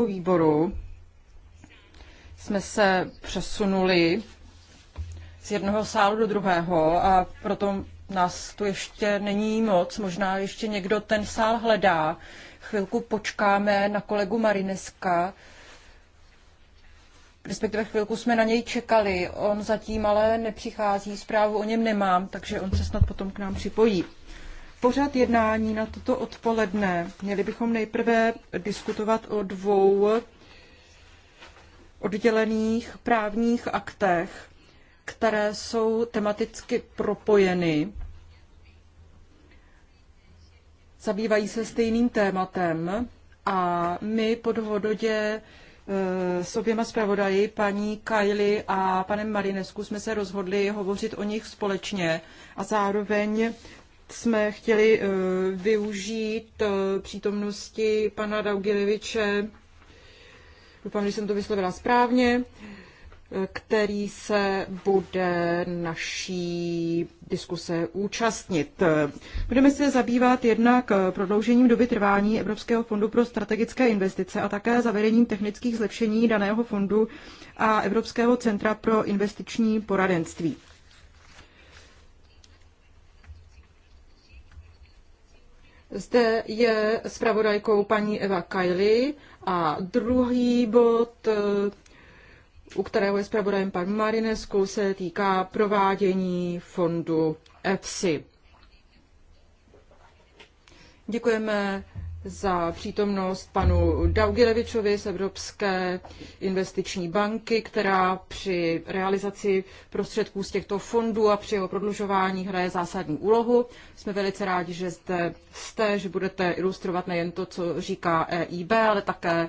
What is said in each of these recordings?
po výboru jsme se přesunuli z jednoho sálu do druhého a proto nás tu ještě není moc, možná ještě někdo ten sál hledá. Chvilku počkáme na kolegu Marineska, respektive chvilku jsme na něj čekali. On zatím ale nepřichází, zprávu o něm nemám, takže on se snad potom k nám připojí pořad jednání na toto odpoledne. Měli bychom nejprve diskutovat o dvou oddělených právních aktech, které jsou tematicky propojeny. Zabývají se stejným tématem a my po dohodě e, s oběma zpravodaji, paní Kylie a panem Marinesku, jsme se rozhodli hovořit o nich společně a zároveň jsme chtěli eh, využít eh, přítomnosti pana Daugiliviče, doufám, že jsem to vyslovila správně, eh, který se bude naší diskuse účastnit. Budeme se zabývat jednak prodloužením doby trvání Evropského fondu pro strategické investice a také zavedením technických zlepšení daného fondu a Evropského centra pro investiční poradenství. Zde je zpravodajkou paní Eva Kajli a druhý bod, eh, u kterého je zpravodajem pan Marinesku, se týká provádění fondu EFSI. Děkujeme za přítomnost panu Daugilevičovi z Evropské investiční banky, která při realizaci prostředků z těchto fondů a při jeho prodlužování hraje zásadní úlohu. Jsme velice rádi, že zde jste, že budete ilustrovat nejen to, co říká EIB, ale také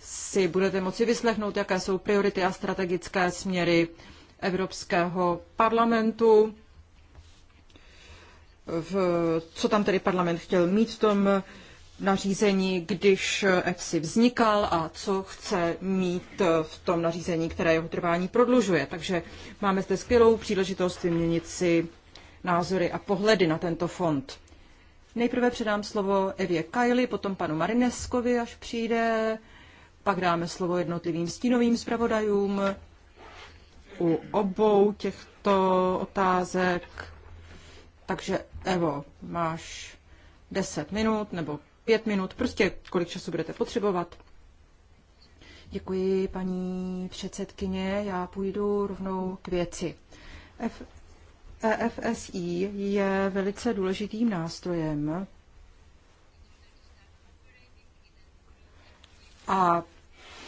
si budete moci vyslechnout, jaké jsou priority a strategické směry Evropského parlamentu. V, co tam tedy parlament chtěl mít v tom nařízení, když EFSI vznikal a co chce mít v tom nařízení, které jeho trvání prodlužuje. Takže máme zde skvělou příležitost vyměnit si názory a pohledy na tento fond. Nejprve předám slovo Evě Kajli, potom panu Marineskovi, až přijde, pak dáme slovo jednotlivým stínovým zpravodajům u obou těchto otázek. Takže Evo, máš 10 minut nebo pět minut, prostě kolik času budete potřebovat. Děkuji, paní předsedkyně. Já půjdu rovnou k věci. F- EFSI je velice důležitým nástrojem a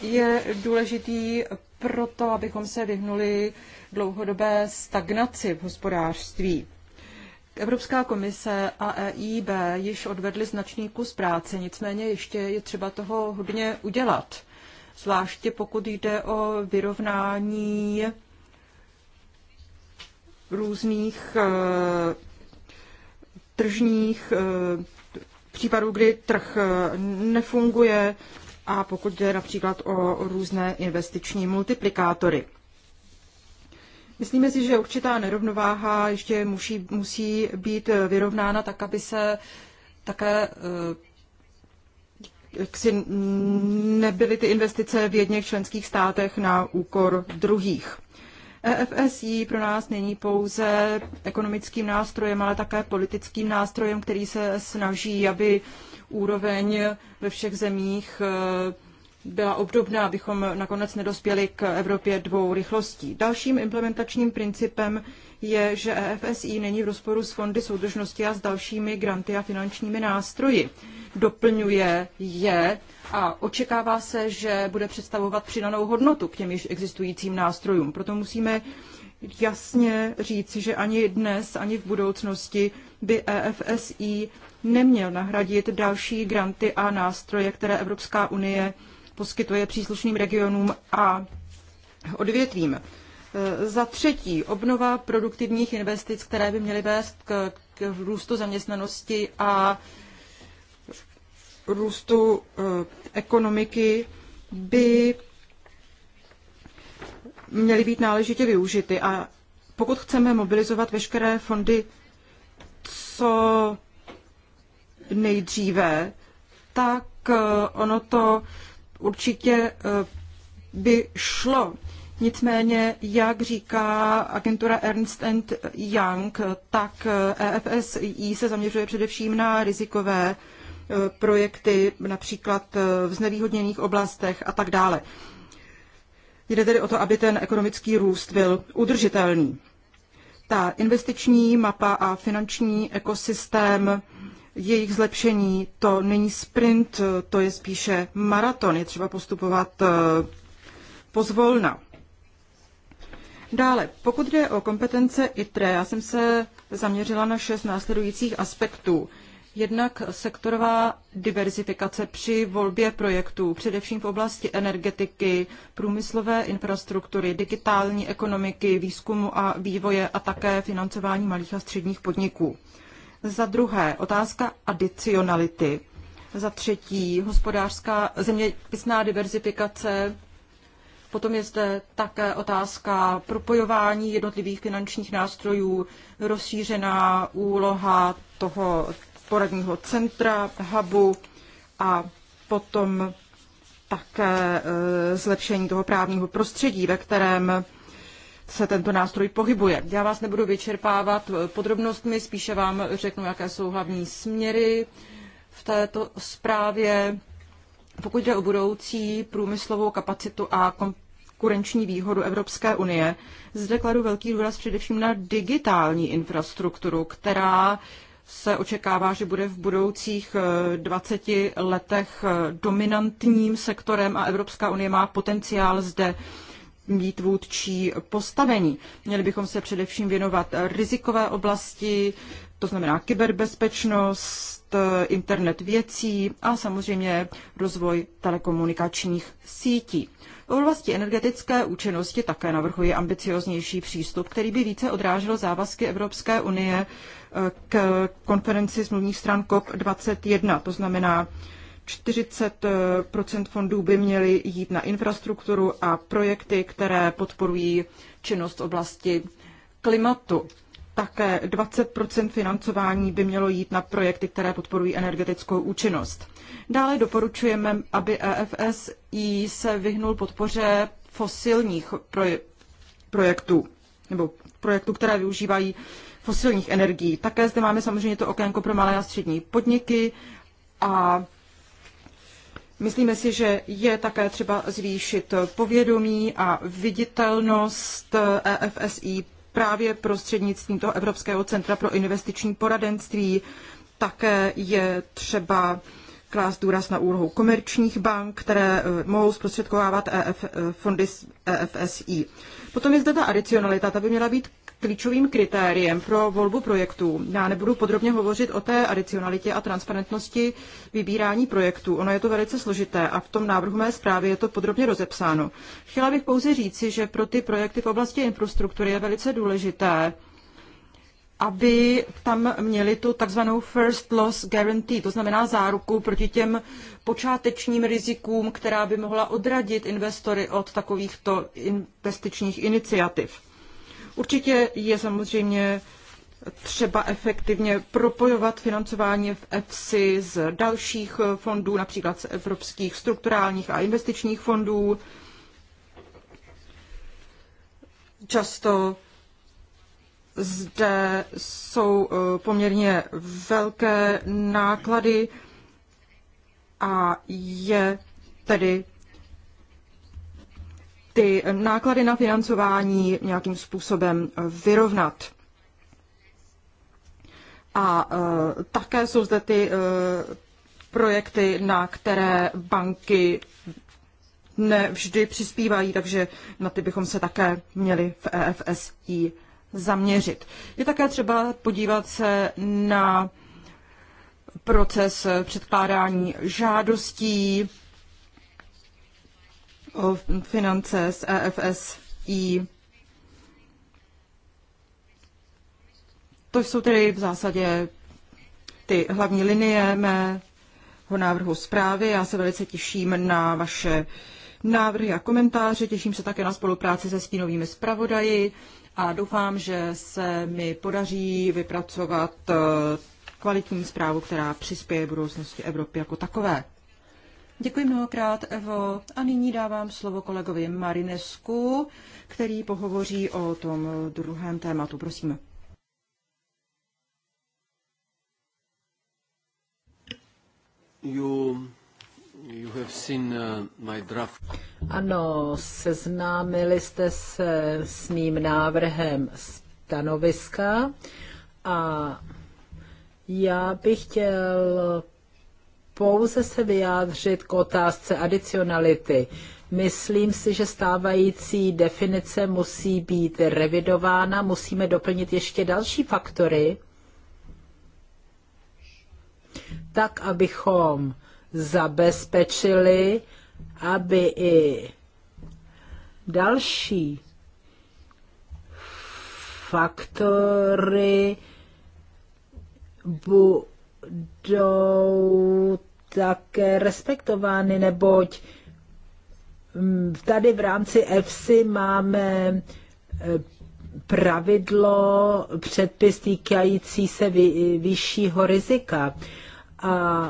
je důležitý proto, abychom se vyhnuli dlouhodobé stagnaci v hospodářství. Evropská komise a EIB již odvedly značný kus práce, nicméně ještě je třeba toho hodně udělat, zvláště pokud jde o vyrovnání různých eh, tržních eh, případů, kdy trh eh, nefunguje a pokud jde například o různé investiční multiplikátory. Myslíme si, že určitá nerovnováha ještě musí, musí být vyrovnána tak, aby se také eh, jak si nebyly ty investice v jedněch členských státech na úkor druhých. EFSI pro nás není pouze ekonomickým nástrojem, ale také politickým nástrojem, který se snaží, aby úroveň ve všech zemích eh, byla obdobná, abychom nakonec nedospěli k Evropě dvou rychlostí. Dalším implementačním principem je, že EFSI není v rozporu s fondy soudržnosti a s dalšími granty a finančními nástroji. Doplňuje je a očekává se, že bude představovat přidanou hodnotu k těm již existujícím nástrojům. Proto musíme jasně říci, že ani dnes, ani v budoucnosti by EFSI neměl nahradit další granty a nástroje, které Evropská unie poskytuje příslušným regionům a odvětvím. Za třetí, obnova produktivních investic, které by měly vést k, k růstu zaměstnanosti a růstu eh, ekonomiky, by měly být náležitě využity. A pokud chceme mobilizovat veškeré fondy co nejdříve, tak eh, ono to určitě eh, by šlo. Nicméně, jak říká agentura Ernst Young, tak EFSI eh, e se zaměřuje především na rizikové eh, projekty, například v znevýhodněných oblastech a tak dále. Jde tedy o to, aby ten ekonomický růst byl udržitelný. Ta investiční mapa a finanční ekosystém jejich zlepšení to není sprint, to je spíše maraton. Je třeba postupovat eh, pozvolna. Dále, pokud jde o kompetence ITRE, já jsem se zaměřila na šest následujících aspektů. Jednak sektorová diverzifikace při volbě projektů, především v oblasti energetiky, průmyslové infrastruktury, digitální ekonomiky, výzkumu a vývoje a také financování malých a středních podniků za druhé otázka adicionality, za třetí hospodářská zeměpisná diverzifikace, potom je zde také otázka propojování jednotlivých finančních nástrojů, rozšířená úloha toho poradního centra, hubu a potom také e, zlepšení toho právního prostředí, ve kterém se tento nástroj pohybuje. Já vás nebudu vyčerpávat podrobnostmi, spíše vám řeknu, jaké jsou hlavní směry v této zprávě. Pokud jde o budoucí průmyslovou kapacitu a konkurenční výhodu Evropské unie, zde kladu velký důraz především na digitální infrastrukturu, která se očekává, že bude v budoucích 20 eh, letech eh, dominantním sektorem a Evropská unie má potenciál zde mít vůdčí postavení. Měli bychom se především věnovat rizikové oblasti, to znamená kyberbezpečnost, internet věcí a samozřejmě rozvoj telekomunikačních sítí. V oblasti energetické účinnosti také navrhuji ambicioznější přístup, který by více odrážel závazky Evropské unie k konferenci smluvních stran COP21, to znamená 40 fondů by měly jít na infrastrukturu a projekty, které podporují činnost v oblasti klimatu. Také 20 financování by mělo jít na projekty, které podporují energetickou účinnost. Dále doporučujeme, aby EFSI se vyhnul podpoře fosilních proje- projektů nebo projektů, které využívají fosilních energií. Také zde máme samozřejmě to okénko pro malé a střední podniky a Myslíme si, že je také třeba zvýšit povědomí a viditelnost EFSI právě prostřednictvím toho Evropského centra pro investiční poradenství. Také je třeba klást důraz na úlohu komerčních bank, které eh, mohou zprostředkovávat EF, eh, fondy EFSI. Potom je zde ta adicionalita, ta by měla být klíčovým kritériem pro volbu projektů. Já nebudu podrobně hovořit o té adicionalitě a transparentnosti vybírání projektů. Ono je to velice složité a v tom návrhu mé zprávy je to podrobně rozepsáno. Chtěla bych pouze říci, že pro ty projekty v oblasti infrastruktury je velice důležité, aby tam měli tu takzvanou first loss guarantee, to znamená záruku proti těm počátečním rizikům, která by mohla odradit investory od takovýchto investičních iniciativ. Určitě je samozřejmě třeba efektivně propojovat financování v EFSI z dalších fondů, například z evropských strukturálních a investičních fondů. Často zde jsou eh, poměrně velké náklady a je tedy ty náklady na financování nějakým způsobem eh, vyrovnat. A uh, také jsou zde ty uh, projekty, na které banky nevždy přispívají, takže na ty bychom se také měli v EFSI zaměřit. Je také třeba podívat se na proces předkládání žádostí, o finance z EFSI. To jsou tedy v zásadě ty hlavní linie mého návrhu zprávy. Já se velice těším na vaše návrhy a komentáře. Těším se také na spolupráci se stínovými zpravodaji a doufám, že se mi podaří vypracovat eh, kvalitní zprávu, která přispěje budoucnosti Evropy jako takové. Děkuji mnohokrát, Evo. A nyní dávám slovo kolegovi Marinesku, který pohovoří o tom druhém tématu. Prosím. You, you have seen, uh, my draft. Ano, seznámili jste se s mým návrhem stanoviska a já bych chtěl pouze se vyjádřit k otázce adicionality. Myslím si, že stávající definice musí být revidována, musíme doplnit ještě další faktory, tak abychom zabezpečili, aby i další faktory budou také respektovány, neboť mm, tady v rámci EFSI máme eh, pravidlo, předpis týkající se vy, vyššího rizika. A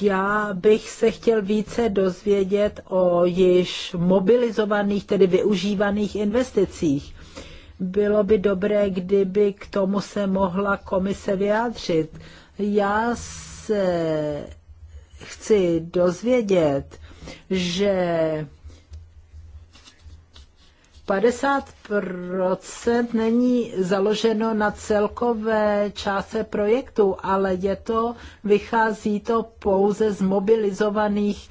já bych se chtěl více dozvědět o již mobilizovaných, tedy využívaných investicích. Bylo by dobré, kdyby k tomu se mohla komise vyjádřit. Já se chci dozvědět, že 50% není založeno na celkové částce projektu, ale je to, vychází to pouze z mobilizovaných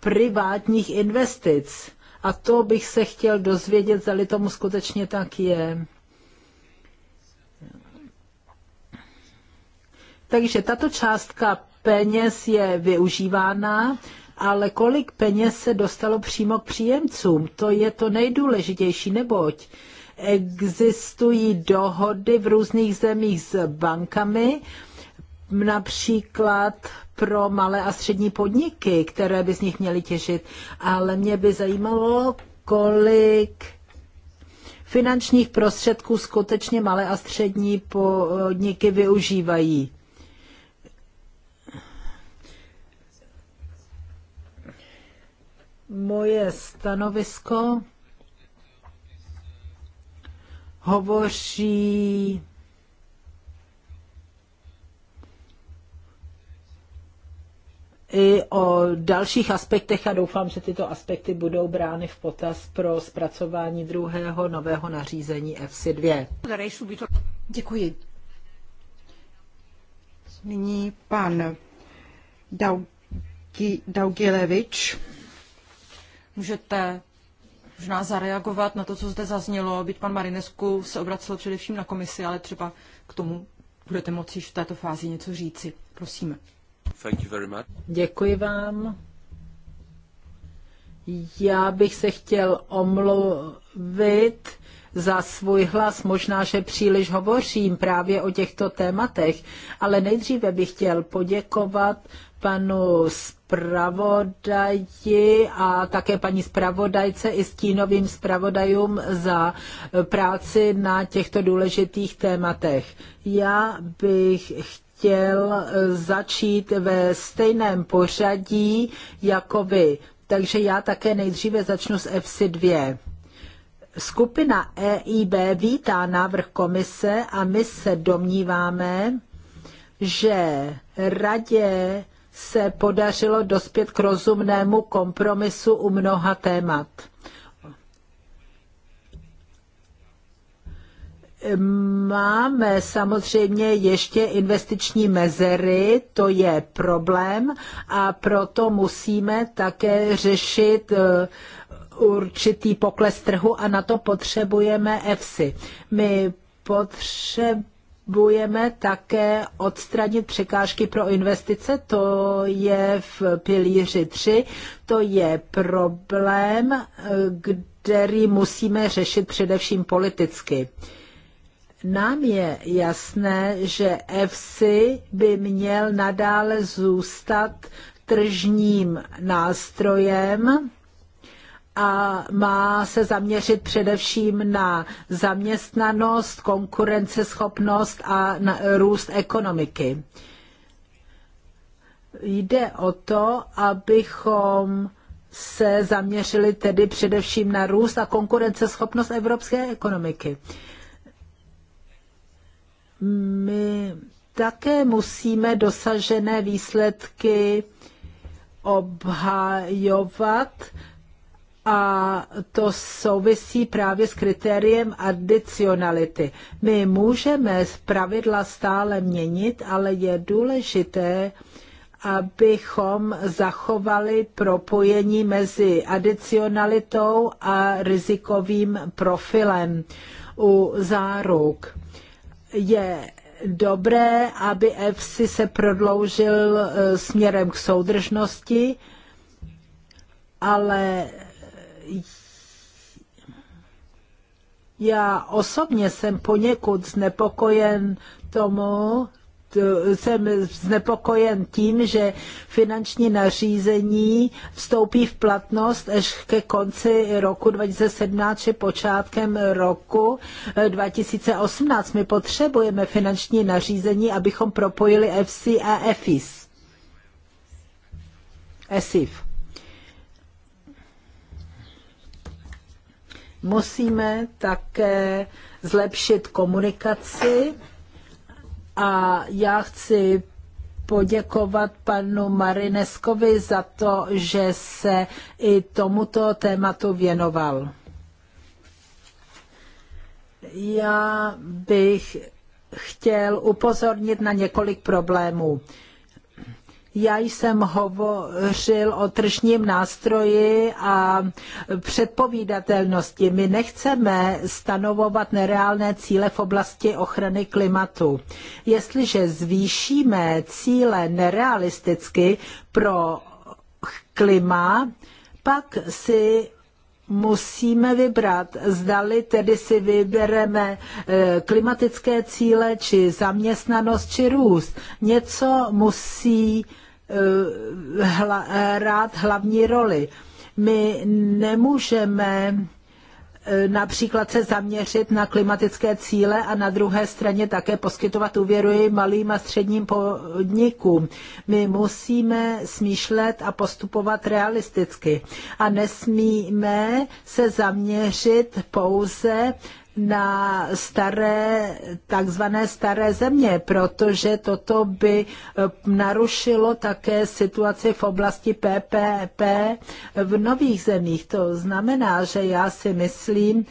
privátních investic. A to bych se chtěl dozvědět, zda tomu skutečně tak je. Takže tato částka peněz je využívána, ale kolik peněz se dostalo přímo k příjemcům, to je to nejdůležitější, neboť existují dohody v různých zemích s bankami, například pro malé a střední podniky, které by z nich měly těžit. Ale mě by zajímalo, kolik finančních prostředků skutečně malé a střední podniky využívají. Moje stanovisko hovoří i o dalších aspektech a doufám, že tyto aspekty budou brány v potaz pro zpracování druhého nového nařízení FC 2. Děkuji. Nyní pan Daug Daugilevič. Můžete možná zareagovat na to, co zde zaznělo. Byť pan Marinesku se obracel především na komisi, ale třeba k tomu budete moci v této fázi něco říci. Prosíme. Thank you very much. Děkuji vám. Já bych se chtěl omluvit za svůj hlas. Možná, že příliš hovořím právě o těchto tématech, ale nejdříve bych chtěl poděkovat panu zpravodaji a také paní zpravodajce i stínovým zpravodajům za práci na těchto důležitých tématech. Já bych chtěl začít ve stejném pořadí jako vy, takže já také nejdříve začnu s EFSI 2. Skupina EIB vítá návrh komise a my se domníváme, že radě se podařilo dospět k rozumnému kompromisu u mnoha témat. Máme samozřejmě ještě investiční mezery, to je problém a proto musíme také řešit eh, určitý pokles trhu a na to potřebujeme EFSI. My potřebujeme potřebujeme také odstranit překážky pro investice, to je v pilíři 3, to je problém, který musíme řešit především politicky. Nám je jasné, že EFSI by měl nadále zůstat tržním nástrojem, a má se zaměřit především na zaměstnanost, konkurenceschopnost a na růst ekonomiky. Jde o to, abychom se zaměřili tedy především na růst a konkurenceschopnost evropské ekonomiky. My také musíme dosažené výsledky obhajovat, a to souvisí právě s kritériem adicionality. My můžeme pravidla stále měnit, ale je důležité, abychom zachovali propojení mezi adicionalitou a rizikovým profilem u záruk. Je dobré, aby EFSI se prodloužil eh, směrem k soudržnosti, ale já osobně jsem poněkud znepokojen tomu, jsem znepokojen tím, že finanční nařízení vstoupí v platnost až ke konci roku 2017 či počátkem roku 2018. My potřebujeme finanční nařízení, abychom propojili FC a EFIS. ESIF. Musíme také zlepšit komunikaci a já chci poděkovat panu Marineskovi za to, že se i tomuto tématu věnoval. Já bych chtěl upozornit na několik problémů. Já jsem hovořil o tržním nástroji a předpovídatelnosti. My nechceme stanovovat nereálné cíle v oblasti ochrany klimatu. Jestliže zvýšíme cíle nerealisticky pro klima, pak si musíme vybrat, zdali tedy si vybereme eh, klimatické cíle, či zaměstnanost, či růst. Něco musí Eh, hla, hrát hlavní roli. My nemůžeme eh, například se zaměřit na klimatické cíle a na druhé straně také poskytovat úvěry malým a středním podnikům. My musíme smýšlet a postupovat realisticky a nesmíme se zaměřit pouze na staré, takzvané staré země, protože toto by eh, narušilo také situaci v oblasti PPP v nových zemích. To znamená, že já si myslím,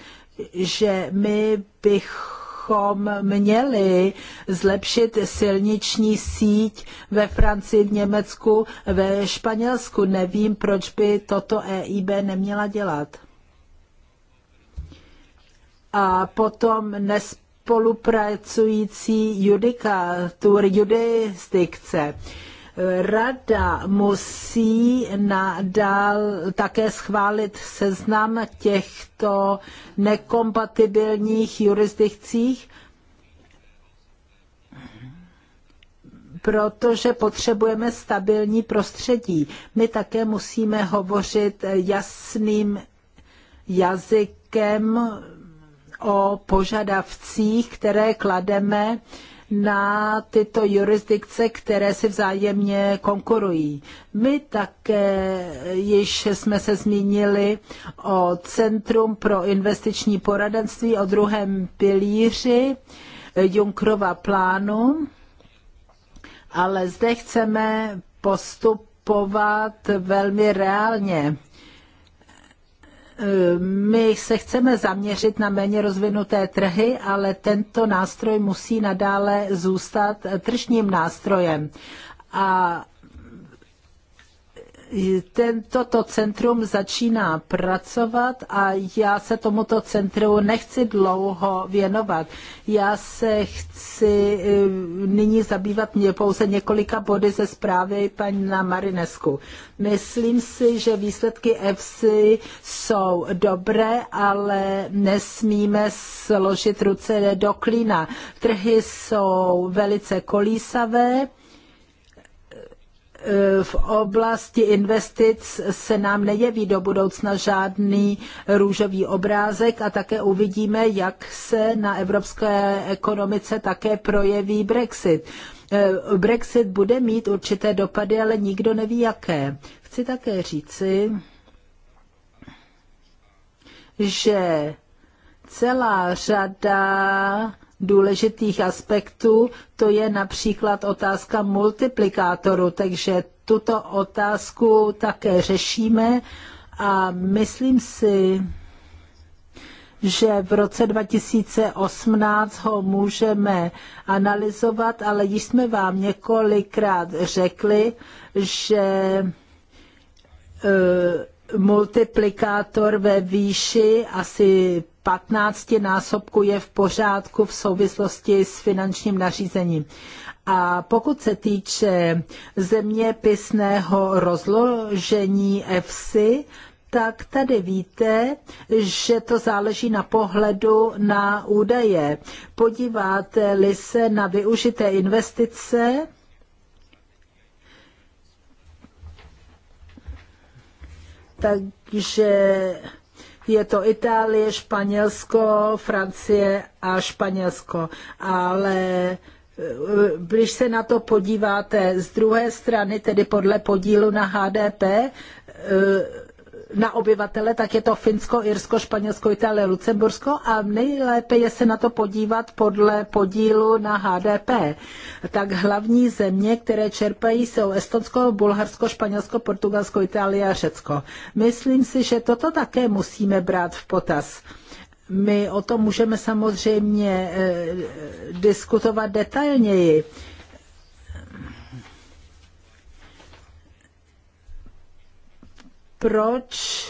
že my bychom bychom měli zlepšit silniční síť ve Francii, v Německu, ve Španělsku. Nevím, proč by toto EIB neměla dělat a potom nespolupracující judikatur, judistikce. Rada musí nadál také schválit seznam těchto nekompatibilních jurisdikcích, protože potřebujeme stabilní prostředí. My také musíme hovořit jasným jazykem o požadavcích, které klademe na tyto jurisdikce, které si vzájemně konkurují. My také již jsme se zmínili o Centrum pro investiční poradenství, o druhém pilíři Junkrova plánu, ale zde chceme postupovat velmi reálně my se chceme zaměřit na méně rozvinuté trhy, ale tento nástroj musí nadále zůstat tržním nástrojem. A ten, toto centrum začíná pracovat a já se tomuto centru nechci dlouho věnovat. Já se chci eh, nyní zabývat mě pouze několika body ze zprávy pana Marinesku. Myslím si, že výsledky EFSI jsou dobré, ale nesmíme složit ruce do klína. Trhy jsou velice kolísavé v oblasti investic se nám nejeví do budoucna žádný růžový obrázek a také uvidíme, jak se na evropské ekonomice také projeví Brexit. Eh, Brexit bude mít určité dopady, ale nikdo neví jaké. Chci také říci, že celá řada důležitých aspektů, to je například otázka multiplikátoru, takže tuto otázku také řešíme a myslím si, že v roce 2018 ho můžeme analyzovat, ale již jsme vám několikrát řekli, že eh, multiplikátor ve výši asi 15 násobku je v pořádku v souvislosti s finančním nařízením. A pokud se týče zeměpisného rozložení EFSI, tak tady víte, že to záleží na pohledu na údaje. Podíváte-li se na využité investice, takže je to Itálie, Španělsko, Francie a Španělsko. Ale eh, když se na to podíváte z druhé strany, tedy podle podílu na HDP, eh, na obyvatele, tak je to Finsko, Irsko, Španělsko, Itálie, Lucembursko a nejlépe je se na to podívat podle podílu na HDP. Tak hlavní země, které čerpají, jsou Estonsko, Bulharsko, Španělsko, Portugalsko, Itálie a Řecko. Myslím si, že toto také musíme brát v potaz. My o tom můžeme samozřejmě eh, diskutovat detailněji proč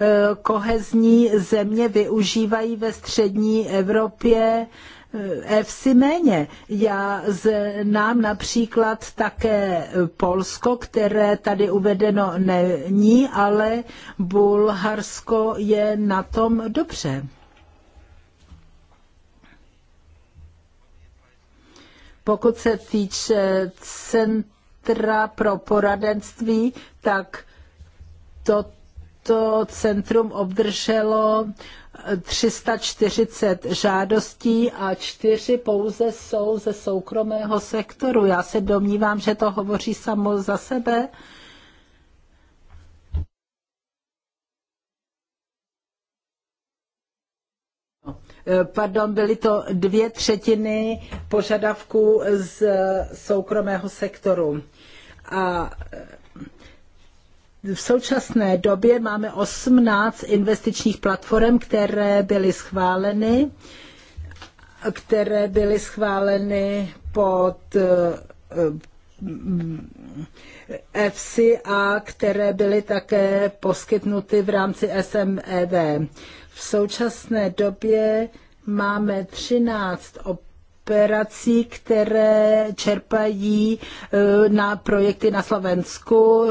eh, kohezní země využívají ve střední Evropě EFSI eh, méně. Já znám například také Polsko, které tady uvedeno není, ale Bulharsko je na tom dobře. Pokud se týče centra pro poradenství, tak toto centrum obdrželo 340 žádostí a čtyři pouze jsou ze soukromého sektoru. Já se domnívám, že to hovoří samo za sebe. pardon, byly to dvě třetiny požadavků z soukromého sektoru. A v současné době máme 18 investičních platform, které byly schváleny, které byly schváleny pod EFSI eh, eh, a které byly také poskytnuty v rámci SMEV. V současné době máme 13 op operací, které čerpají e, na projekty na Slovensku,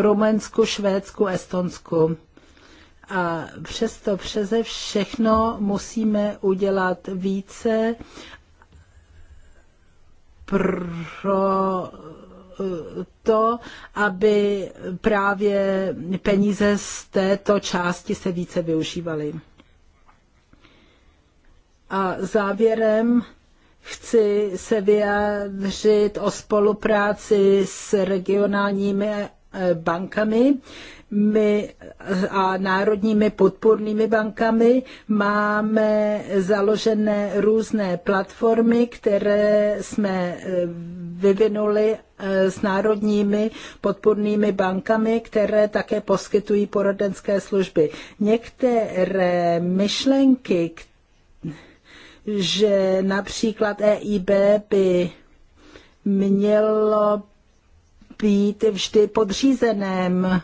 Rumensku, Švédsku, Estonsku. A přesto přeze všechno musíme udělat více pro e, to, aby právě peníze z této části se více využívaly. A závěrem chci se vyjádřit o spolupráci s regionálními eh, bankami my eh, a národními podpůrnými bankami máme založené různé platformy, které jsme eh, vyvinuli s národními podpůrnými bankami, které také poskytují poradenské služby. Některé myšlenky, které že například EIB by mělo být vždy podřízeném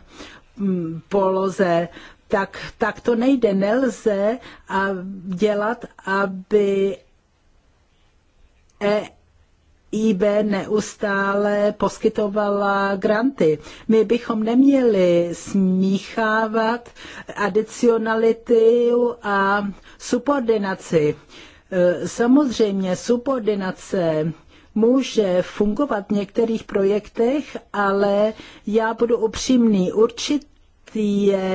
mm, poloze, tak, tak to nejde, nelze a dělat, aby EIB neustále poskytovala granty. My bychom neměli smíchávat adicionalitu a subordinaci E, samozřejmě subordinace může fungovat v některých projektech, ale já budu upřímný. Určitě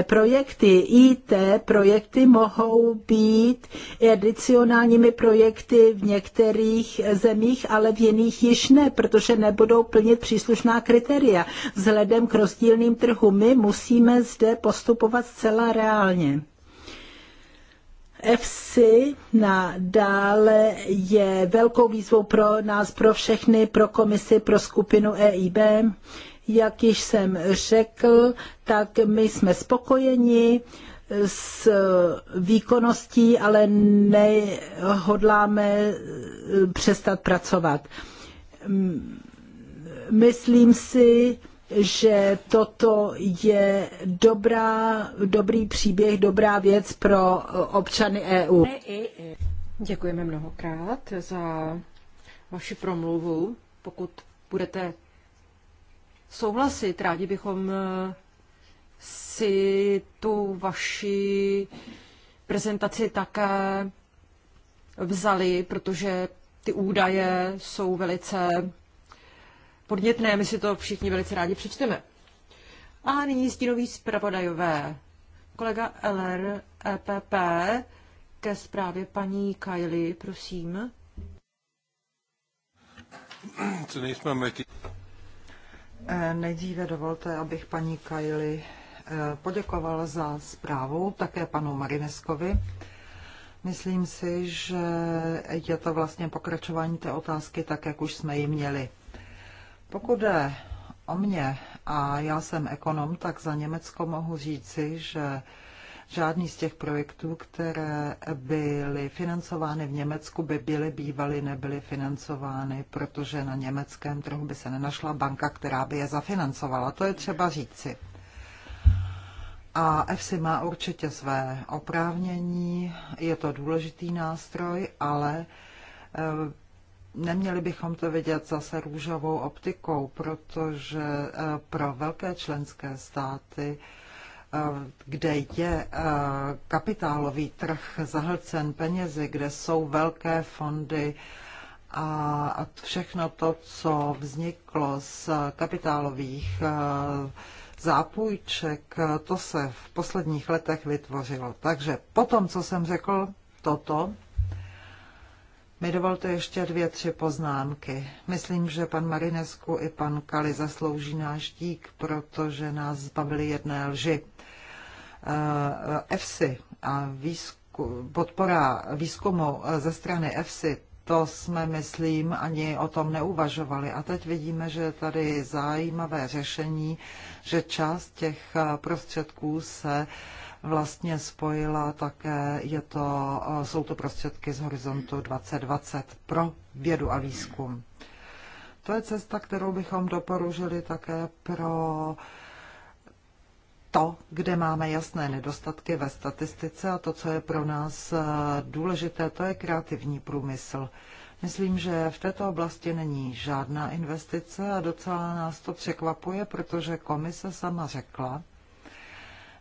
projekty, IT projekty mohou být adicionálními projekty v některých zemích, ale v jiných již ne, protože nebudou plnit příslušná kritéria. Vzhledem k rozdílným trhu my musíme zde postupovat zcela reálně. EFSI nadále je velkou výzvou pro nás, pro všechny, pro komisi, pro skupinu EIB. Jak již jsem řekl, tak my jsme spokojeni s výkonností, ale nehodláme eh, přestat pracovat. Myslím si, že toto je dobrá, dobrý příběh, dobrá věc pro občany EU. Děkujeme mnohokrát za vaši promluvu. Pokud budete souhlasit, rádi bychom eh, si tu vaši prezentaci také vzali, protože ty údaje jsou velice podnětné, my si to všichni velice rádi přečteme. A nyní stínový zpravodajové. Kolega LR EPP ke zprávě paní Kylie, prosím. Co nejsme eh, Nejdříve dovolte, abych paní Kajli eh, poděkoval za zprávu, také panu Marineskovi. Myslím si, že je to vlastně pokračování té otázky, tak jak už jsme ji měli. Pokud jde o mě a já jsem ekonom, tak za Německo mohu říci, že žádný z těch projektů, které byly financovány v Německu, by byly bývaly, nebyly financovány, protože na německém trhu by se nenašla banka, která by je zafinancovala. To je třeba říci. A EFSI má určitě své oprávnění, je to důležitý nástroj, ale eh, Neměli bychom to vidět zase růžovou optikou, protože eh, pro velké členské státy, eh, kde je eh, kapitálový trh zahlcen penězi, kde jsou velké fondy, a všechno to, co vzniklo z kapitálových zápůjček, to se v posledních letech vytvořilo. Takže po tom, co jsem řekl toto, mi dovolte ještě dvě, tři poznámky. Myslím, že pan Marinesku i pan Kali zaslouží náš dík, protože nás zbavili jedné lži. Eh, EFSI a výzku, podpora výzkumu eh, ze strany EFSI, to jsme, myslím, ani o tom neuvažovali. A teď vidíme, že je tady zajímavé řešení, že část těch eh, prostředků se uh, vlastně spojila také, je to, eh, jsou to prostředky z horizontu 2020 pro vědu a výzkum. To je cesta, kterou bychom doporužili také pro to, kde máme jasné nedostatky ve statistice a to, co je pro nás eh, důležité, to je kreativní průmysl. Myslím, že v této oblasti není žádná investice a docela nás to překvapuje, protože komise sama řekla,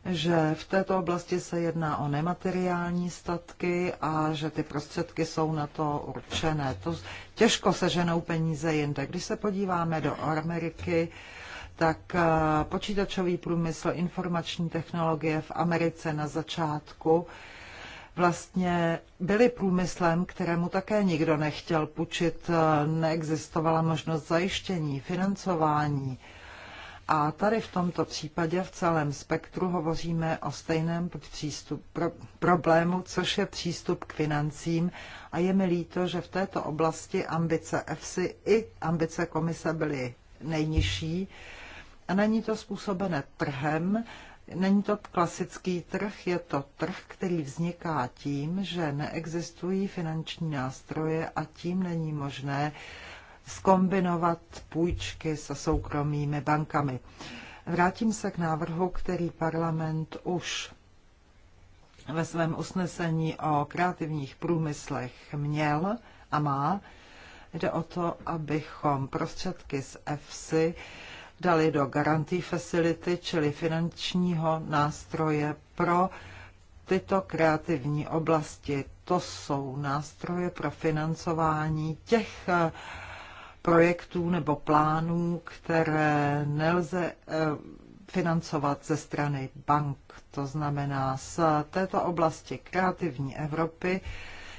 že v této oblasti se jedná o nemateriální statky a že ty prostředky jsou na to určené. To těžko se ženou peníze jinde. Když se podíváme do Ameriky, tak eh, počítačový průmysl, informační technologie v Americe na začátku vlastně byly průmyslem, kterému také nikdo nechtěl půjčit, eh, neexistovala možnost zajištění, financování. A tady v tomto případě v celém spektru hovoříme o stejném přístup, pro, problému, což je přístup k financím. A je mi líto, že v této oblasti ambice EFSI i ambice komise byly nejnižší. A není to způsobené trhem, není to klasický trh, je to trh, který vzniká tím, že neexistují finanční nástroje a tím není možné uh, skombinovat půjčky se soukromými bankami. Vrátím se k návrhu, který parlament už ve svém usnesení o kreativních průmyslech měl a má. Jde o to, abychom prostředky z EFSI dali do garantí Facility, čili finančního nástroje pro tyto kreativní oblasti. To jsou nástroje pro financování těch eh, projektů nebo plánů, které nelze eh, financovat ze strany bank. To znamená z této oblasti kreativní Evropy,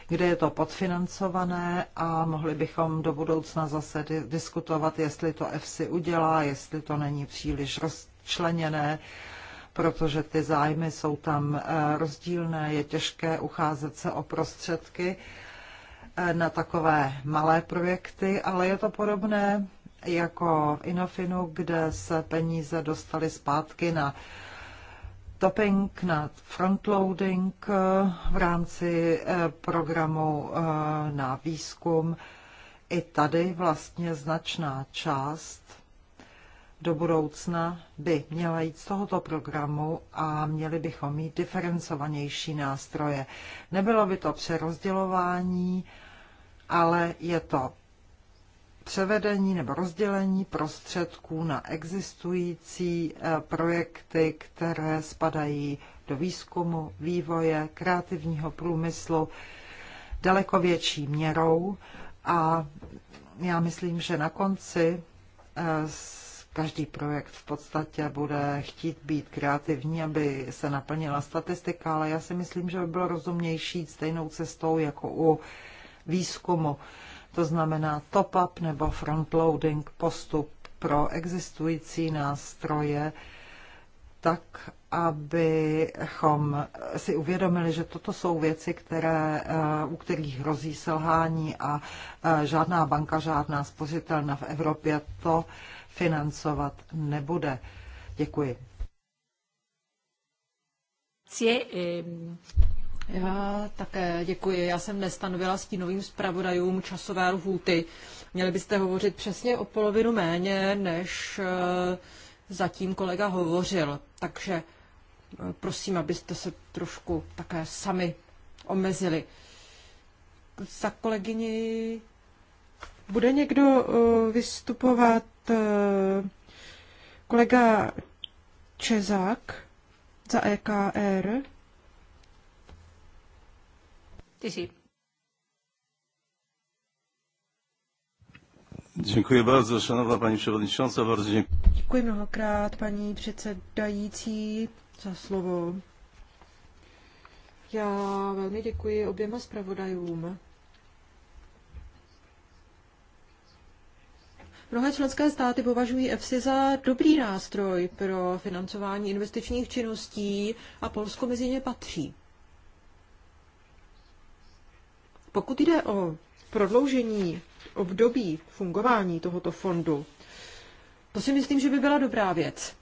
kde je to podfinancované a mohli bychom do budoucna zase diskutovat, jestli to EFSI udělá, jestli to není příliš rozčleněné protože ty zájmy jsou tam eh, rozdílné, je těžké ucházet se o prostředky na takové malé projekty, ale je to podobné jako v Inofinu, kde se peníze dostaly zpátky na topping, na frontloading eh, v rámci eh, programu eh, na výzkum. I tady vlastně značná část do budoucna by měla jít z tohoto programu a měli bychom mít diferencovanější nástroje. Nebylo by to přerozdělování, ale je to převedení nebo rozdělení prostředků na existující eh, projekty, které spadají do výzkumu, vývoje, kreativního průmyslu daleko větší měrou. A já myslím, že na konci eh, každý projekt v podstatě bude chtít být kreativní, aby se naplnila statistika, ale já si myslím, že by bylo rozumnější stejnou cestou jako u výzkumu. To znamená top-up nebo frontloading postup pro existující nástroje, tak, abychom si uvědomili, že toto jsou věci, které, u kterých hrozí selhání a e, žádná banka, žádná spořitelna v Evropě to financovat nebude. Děkuji. Ehm, já také děkuji. Já jsem nestanovila stínovým zpravodajům časové lhůty. Měli byste hovořit přesně o polovinu méně, než eh, zatím kolega hovořil. Takže eh, prosím, abyste se trošku také sami omezili. Za kolegyni bude někdo eh, vystupovat kolega Čezák za EKR děkuji mnohokrát, paní předsedající, za slovo. Já velmi děkuji oběma zpravodajům. Mnohé členské státy považují EFSI za dobrý nástroj pro financování investičních činností a Polsko mezi ně patří. Pokud jde o prodloužení období fungování tohoto fondu, to si myslím, že by byla dobrá věc.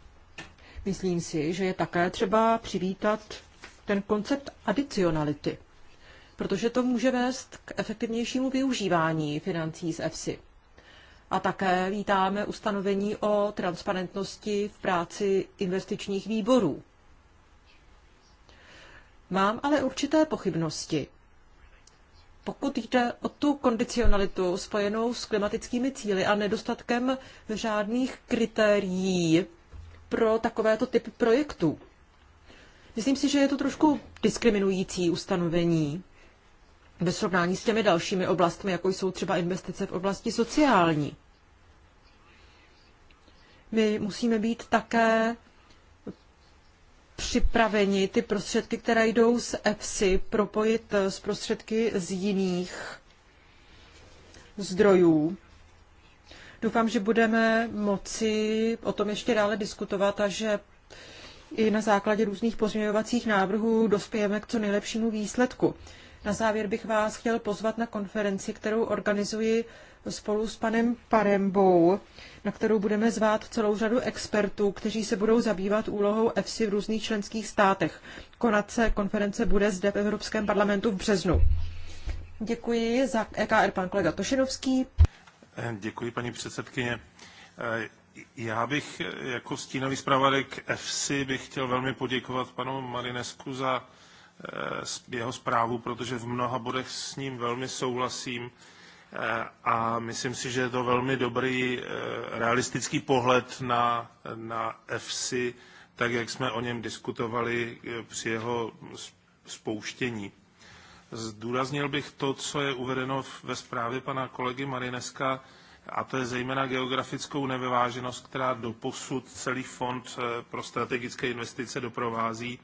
Myslím si, že je také třeba přivítat ten koncept adicionality, protože to může vést k efektivnějšímu využívání financí z EFSI. A také vítáme ustanovení o transparentnosti v práci investičních výborů. Mám ale určité pochybnosti pokud jde o tu kondicionalitu spojenou s klimatickými cíly a nedostatkem žádných kritérií pro takovéto typ projektů, myslím si, že je to trošku diskriminující ustanovení ve srovnání s těmi dalšími oblastmi, jako jsou třeba investice v oblasti sociální. My musíme být také připraveni ty prostředky, které jdou z EFSI, propojit eh, s prostředky z jiných zdrojů. Doufám, že budeme moci o tom ještě dále diskutovat a že i na základě různých pozměňovacích návrhů dospějeme k co nejlepšímu výsledku. Na závěr bych vás chtěl pozvat na konferenci, kterou organizuji spolu s panem Parembou, na kterou budeme zvát celou řadu expertů, kteří se budou zabývat úlohou EFSI v různých členských státech. Konat se konference bude zde v Evropském parlamentu v březnu. Děkuji za EKR pan kolega Tošinovský. Děkuji, paní předsedkyně. Eh, já bych eh, jako stínový zpravodaj EFSI bych chtěl velmi poděkovat panu Marinesku za eh, jeho zprávu, protože v mnoha bodech s ním velmi souhlasím Eh, a myslím si, že je to velmi dobrý eh, realistický pohled na, na EFSI, tak jak jsme o něm diskutovali eh, při jeho spouštění. Zdůraznil bych to, co je uvedeno ve zprávě pana kolegy Marineska, a to je zejména geografickou nevyváženost, která doposud celý fond pro strategické investice doprovází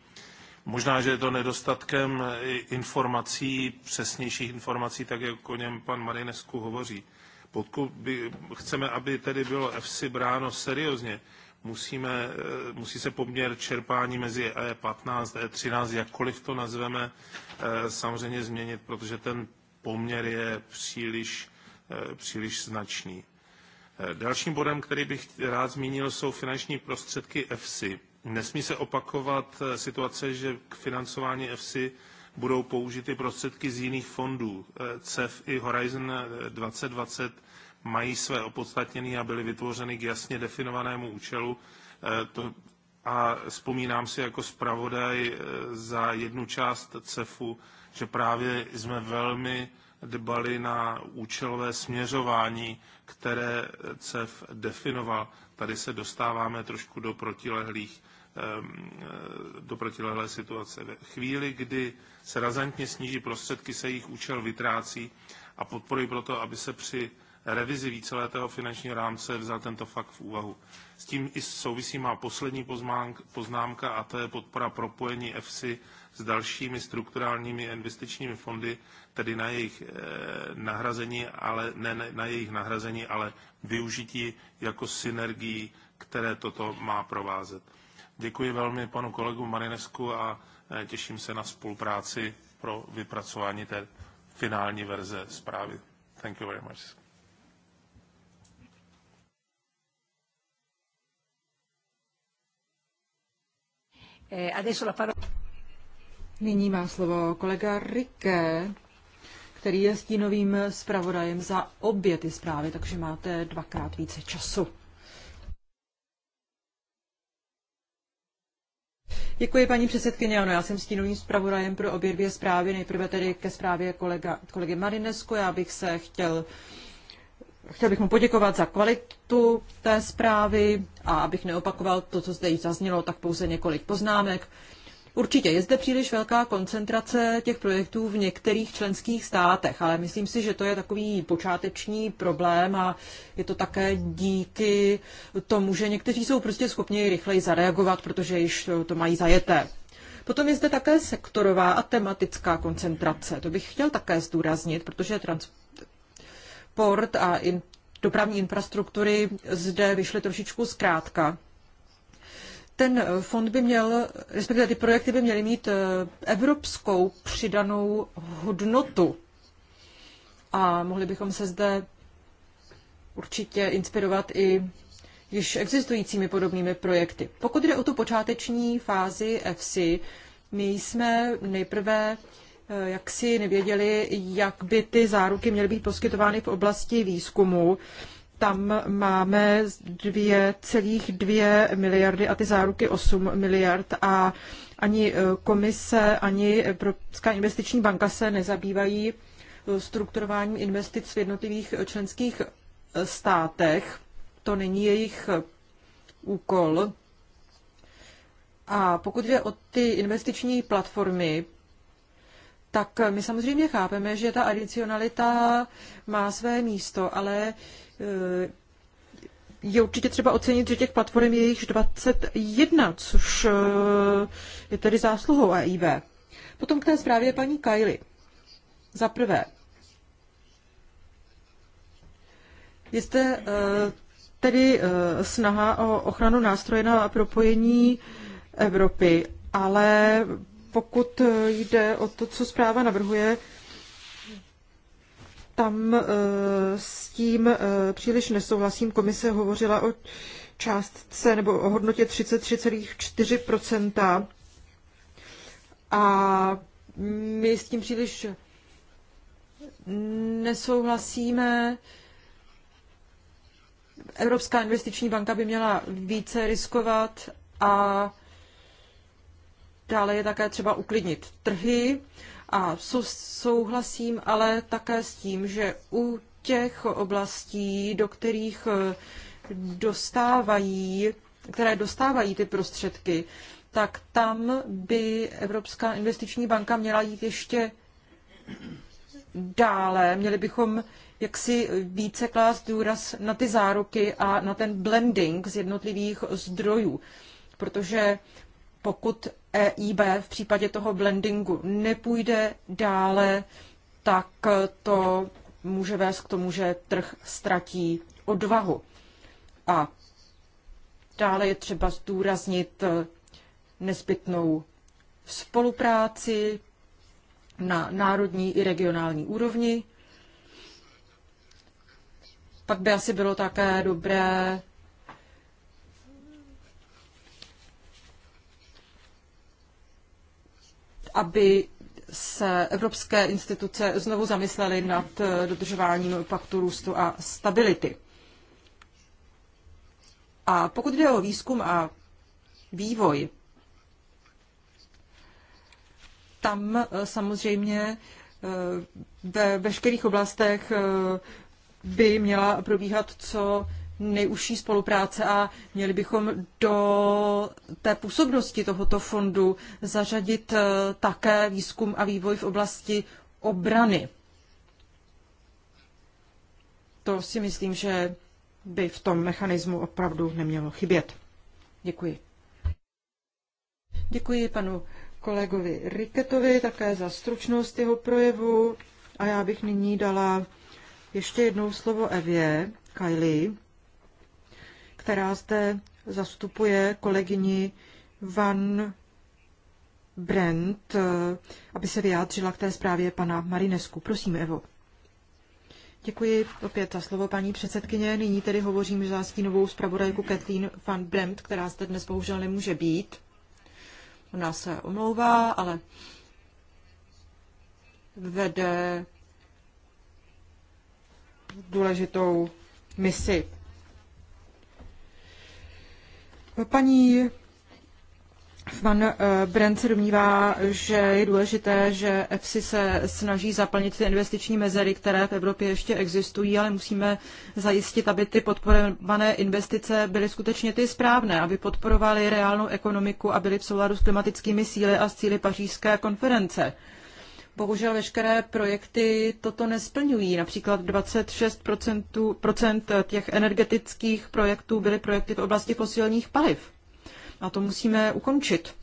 Možná, že je to nedostatkem informací, přesnějších informací, tak jak o něm pan Marinesku hovoří. Pokud by, chceme, aby tedy bylo EFSI bráno seriózně, musíme, eh, musí se poměr čerpání mezi E15 a E13, jakkoliv to nazveme, eh, samozřejmě změnit, protože ten poměr je příliš, eh, příliš značný. Dalším bodem, který bych rád zmínil, jsou finanční prostředky EFSI Nesmí se opakovat eh, situace, že k financování EFSI budou použity prostředky z jiných fondů. Eh, CEF i Horizon 2020 eh, mají své opodstatnění a byly vytvořeny k jasně definovanému účelu. a vzpomínám si jako zpravodaj za jednu část CEFu, že právě jsme velmi dbali na účelové směřování, které CEF definoval. Tady se dostáváme trošku do protilehlých Ehm, e, do protilehlé situace. Ve chvíli, kdy se razantně sníží prostředky, se jejich účel vytrácí a podporuji proto, aby se při revizi víceletého finančního rámce vzal tento fakt v úvahu. S tím i souvisí má poslední poznámka a to je podpora propojení EFSI s dalšími strukturálními investičními fondy, tedy na jejich e, nahrazení, ale ne na jejich nahrazení, ale využití jako synergii, které toto má provázet. Děkuji velmi panu kolegu Marinesku a eh, těším se na spolupráci pro vypracování té finální verze zprávy. Thank you very much. Eh, Nyní má slovo kolega Rike, který je stínovým zpravodajem za obě ty zprávy, takže máte dvakrát více času. Děkuji, paní předsedkyně. Ano, já jsem stínovým zpravodajem pro obě dvě zprávy. Nejprve tedy ke zprávě kolega, kolegy Marinesku. Já bych se chtěl Chtěl bych mu poděkovat za kvalitu té zprávy a abych neopakoval to, co zde již zaznělo, tak pouze několik poznámek. Určitě je zde příliš velká koncentrace těch projektů v některých členských státech, ale myslím si, že to je takový počáteční problém a je to také díky tomu, že někteří jsou prostě schopni rychleji zareagovat, protože již to mají zajeté. Potom je zde také sektorová a tematická koncentrace. To bych chtěl také zdůraznit, protože transport a in, dopravní infrastruktury zde vyšly trošičku zkrátka ten fond by měl, respektive ty projekty by měly mít eh, evropskou přidanou hodnotu. A mohli bychom se zde určitě inspirovat i již existujícími podobnými projekty. Pokud jde o tu počáteční fázi EFSI, my jsme nejprve eh, jak si nevěděli, jak by ty záruky měly být poskytovány v oblasti výzkumu tam máme 2,2 miliardy a ty záruky 8 miliard a ani eh, komise, ani Evropská investiční banka se nezabývají eh, strukturováním investic v jednotlivých eh, členských státech. To není jejich úkol. A pokud jde o ty investiční platformy, tak my samozřejmě chápeme, že ta adicionalita má své místo, ale je určitě třeba ocenit, že těch platform je již 21, což eh, je tedy zásluhou AIB. Potom k té zprávě paní Kajly. Za prvé, je zde eh, tedy eh, snaha o ochranu nástroje na propojení Evropy, ale pokud jde o to, co zpráva navrhuje, tam eh, s tím eh, příliš nesouhlasím. Komise hovořila o částce nebo o hodnotě 33,4 a my s tím příliš nesouhlasíme. Evropská investiční banka by měla více riskovat a dále je také třeba uklidnit trhy. A souhlasím ale také s tím, že u těch oblastí, do kterých eh, dostávají, které dostávají ty prostředky, tak tam by Evropská investiční banka měla jít ještě dále. Měli bychom jaksi více klást důraz na ty záruky a na ten blending z jednotlivých zdrojů, protože pokud EIB v případě toho blendingu nepůjde dále, tak to může vést k tomu, že trh ztratí odvahu. A dále je třeba zdůraznit nezbytnou spolupráci na národní i regionální úrovni. Pak by asi bylo také dobré aby se evropské instituce znovu zamyslely nad eh, dodržováním paktu růstu a stability. A pokud jde o výzkum a vývoj, tam eh, samozřejmě eh, ve veškerých oblastech by měla probíhat co nejužší spolupráce a měli bychom do té působnosti tohoto fondu zařadit eh, také výzkum a vývoj v oblasti obrany. To si myslím, že by v tom mechanismu opravdu nemělo chybět. Děkuji. Děkuji panu kolegovi Riketovi také za stručnost jeho projevu a já bych nyní dala ještě jednou slovo Evě Kylie, která zde zastupuje kolegyni Van Brent, eh, aby se vyjádřila k té zprávě pana Marinesku. Prosím, Evo. Děkuji opět za slovo, paní předsedkyně. Nyní tedy hovořím za stínovou zpravodajku Kathleen van Brent, která zde dnes bohužel nemůže být. Ona se omlouvá, ale vede důležitou misi Paní Van eh, Brent se domnívá, že je důležité, že EFSI se snaží zaplnit ty investiční mezery, které v Evropě ještě existují, ale musíme zajistit, aby ty podporované investice byly skutečně ty správné, aby podporovaly reálnou ekonomiku a byly v souladu s klimatickými síly a s cíly pařížské konference. Bohužel veškeré projekty toto nesplňují. Například 26 procent těch energetických projektů byly projekty v oblasti fosilních paliv. A to musíme ukončit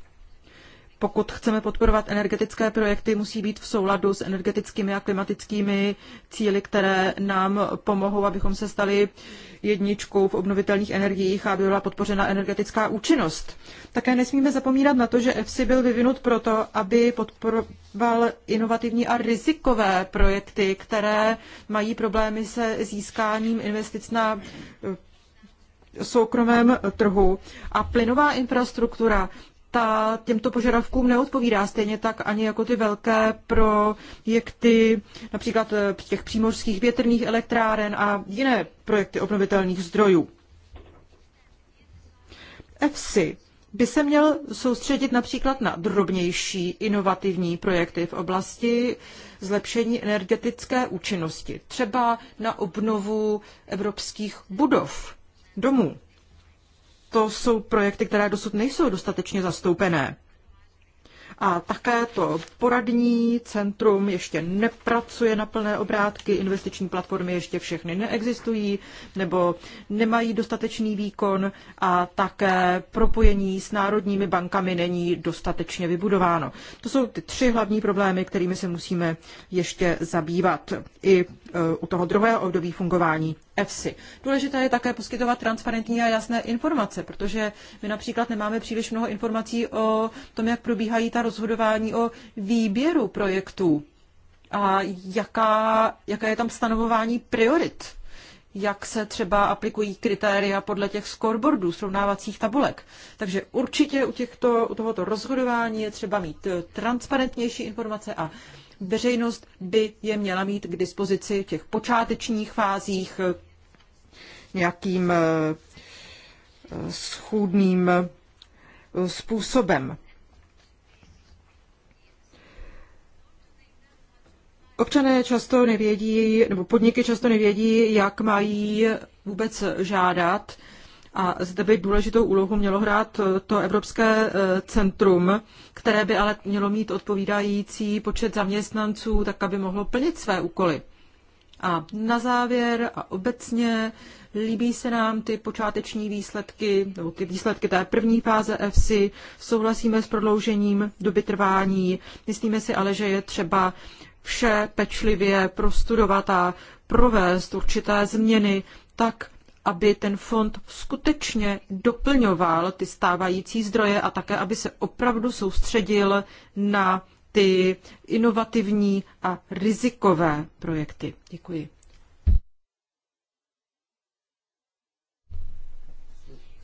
pokud chceme podporovat energetické projekty, musí být v souladu s energetickými a klimatickými cíly, které nám pomohou, abychom se stali jedničkou v obnovitelných energiích a aby byla podpořena energetická účinnost. Také nesmíme zapomínat na to, že EFSI byl vyvinut proto, aby podporoval inovativní a rizikové projekty, které mají problémy se získáním investic na eh, soukromém trhu a plynová infrastruktura ta těmto požadavkům neodpovídá stejně tak ani jako ty velké projekty například eh, těch přímořských větrných elektráren a jiné projekty obnovitelných zdrojů. EFSI by se měl soustředit například na drobnější inovativní projekty v oblasti zlepšení energetické účinnosti, třeba na obnovu evropských budov, domů to jsou projekty, které dosud nejsou dostatečně zastoupené. A také to poradní centrum ještě nepracuje na plné obrátky, investiční platformy ještě všechny neexistují nebo nemají dostatečný výkon a také propojení s národními bankami není dostatečně vybudováno. To jsou ty tři hlavní problémy, kterými se musíme ještě zabývat. I Eh, u toho druhého období fungování EFSI. Důležité je také poskytovat transparentní a jasné informace, protože my například nemáme příliš mnoho informací o tom, jak probíhají ta rozhodování o výběru projektů a jaká, jaké je tam stanovování priorit jak se třeba aplikují kritéria podle těch scoreboardů, srovnávacích tabulek. Takže určitě u, těchto, u tohoto rozhodování je třeba mít eh, transparentnější informace a Veřejnost by je měla mít k dispozici v těch počátečních fázích eh, nějakým eh, schůdným eh, způsobem. Občané často nevědí, nebo podniky často nevědí, jak mají vůbec žádat a zde by důležitou úlohu mělo hrát eh, to Evropské eh, centrum, které by ale mělo mít odpovídající počet zaměstnanců, tak aby mohlo plnit své úkoly. A na závěr a obecně líbí se nám ty počáteční výsledky, nebo ty výsledky té první fáze EFSI, souhlasíme s prodloužením doby trvání, myslíme si ale, že je třeba vše pečlivě prostudovat a provést určité změny tak, aby ten fond skutečně doplňoval ty stávající zdroje a také, aby se opravdu soustředil na ty inovativní a rizikové projekty. Děkuji.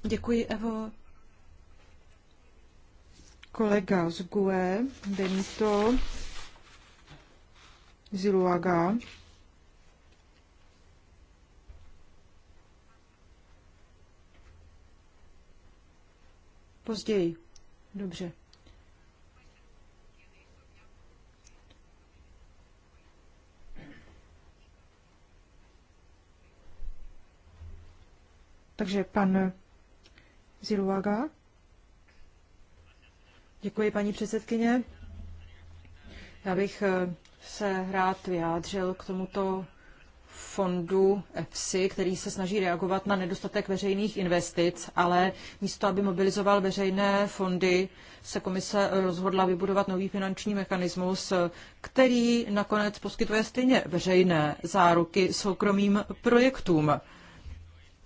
Děkuji, Evo. Kolega z GUE, Benito Ziluaga. Později. Dobře. Takže pan Ziluaga. Děkuji, paní předsedkyně. Já bych se rád vyjádřil k tomuto fondu EFSI, který se snaží reagovat na nedostatek veřejných investic, ale místo, aby mobilizoval veřejné fondy, se komise rozhodla vybudovat nový finanční mechanismus, který nakonec poskytuje stejně veřejné záruky soukromým projektům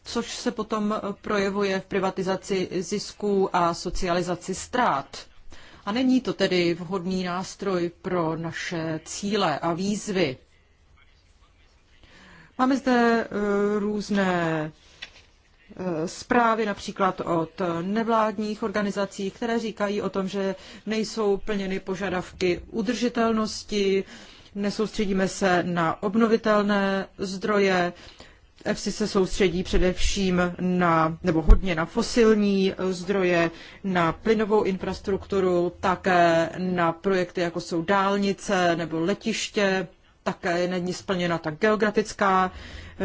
což se potom projevuje v privatizaci zisků a socializaci ztrát. A není to tedy vhodný nástroj pro naše cíle a výzvy. Máme zde eh, různé eh, zprávy například od nevládních organizací, které říkají o tom, že nejsou plněny požadavky udržitelnosti, nesoustředíme se na obnovitelné zdroje, EFSI se soustředí především na, nebo hodně na fosilní zdroje, na plynovou infrastrukturu, také na projekty, jako jsou dálnice nebo letiště také není splněna ta geografická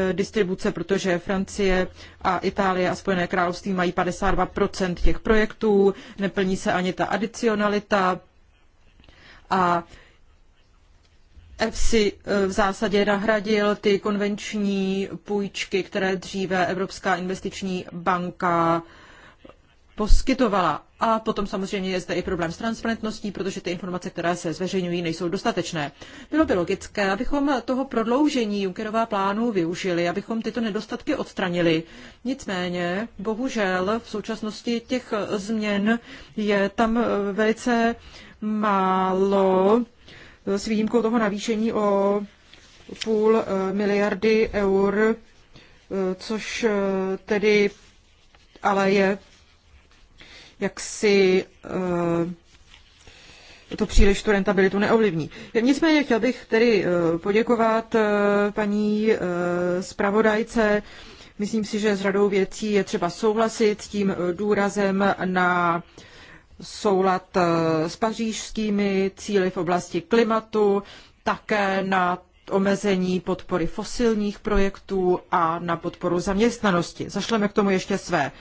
eh, distribuce, protože Francie a Itálie a Spojené království mají 52% těch projektů, neplní se ani ta adicionalita a EFSI eh, v zásadě nahradil ty konvenční půjčky, které dříve Evropská investiční banka poskytovala. A potom samozřejmě je zde i problém s transparentností, protože ty informace, které se zveřejňují, nejsou dostatečné. Bylo by logické, abychom toho prodloužení Junckerova plánu využili, abychom tyto nedostatky odstranili. Nicméně, bohužel, v současnosti těch změn je tam eh, velice málo eh, s výjimkou toho navýšení o půl eh, miliardy eur, což tedy ale je jak si eh, to příliš tu rentabilitu neovlivní. Nicméně chtěl bych tedy eh, poděkovat eh, paní zpravodajce. Myslím si, že s řadou věcí je třeba souhlasit s tím důrazem na soulad s pařížskými cíly v oblasti klimatu, také na omezení podpory fosilních projektů a na podporu zaměstnanosti. Zašleme k tomu ještě své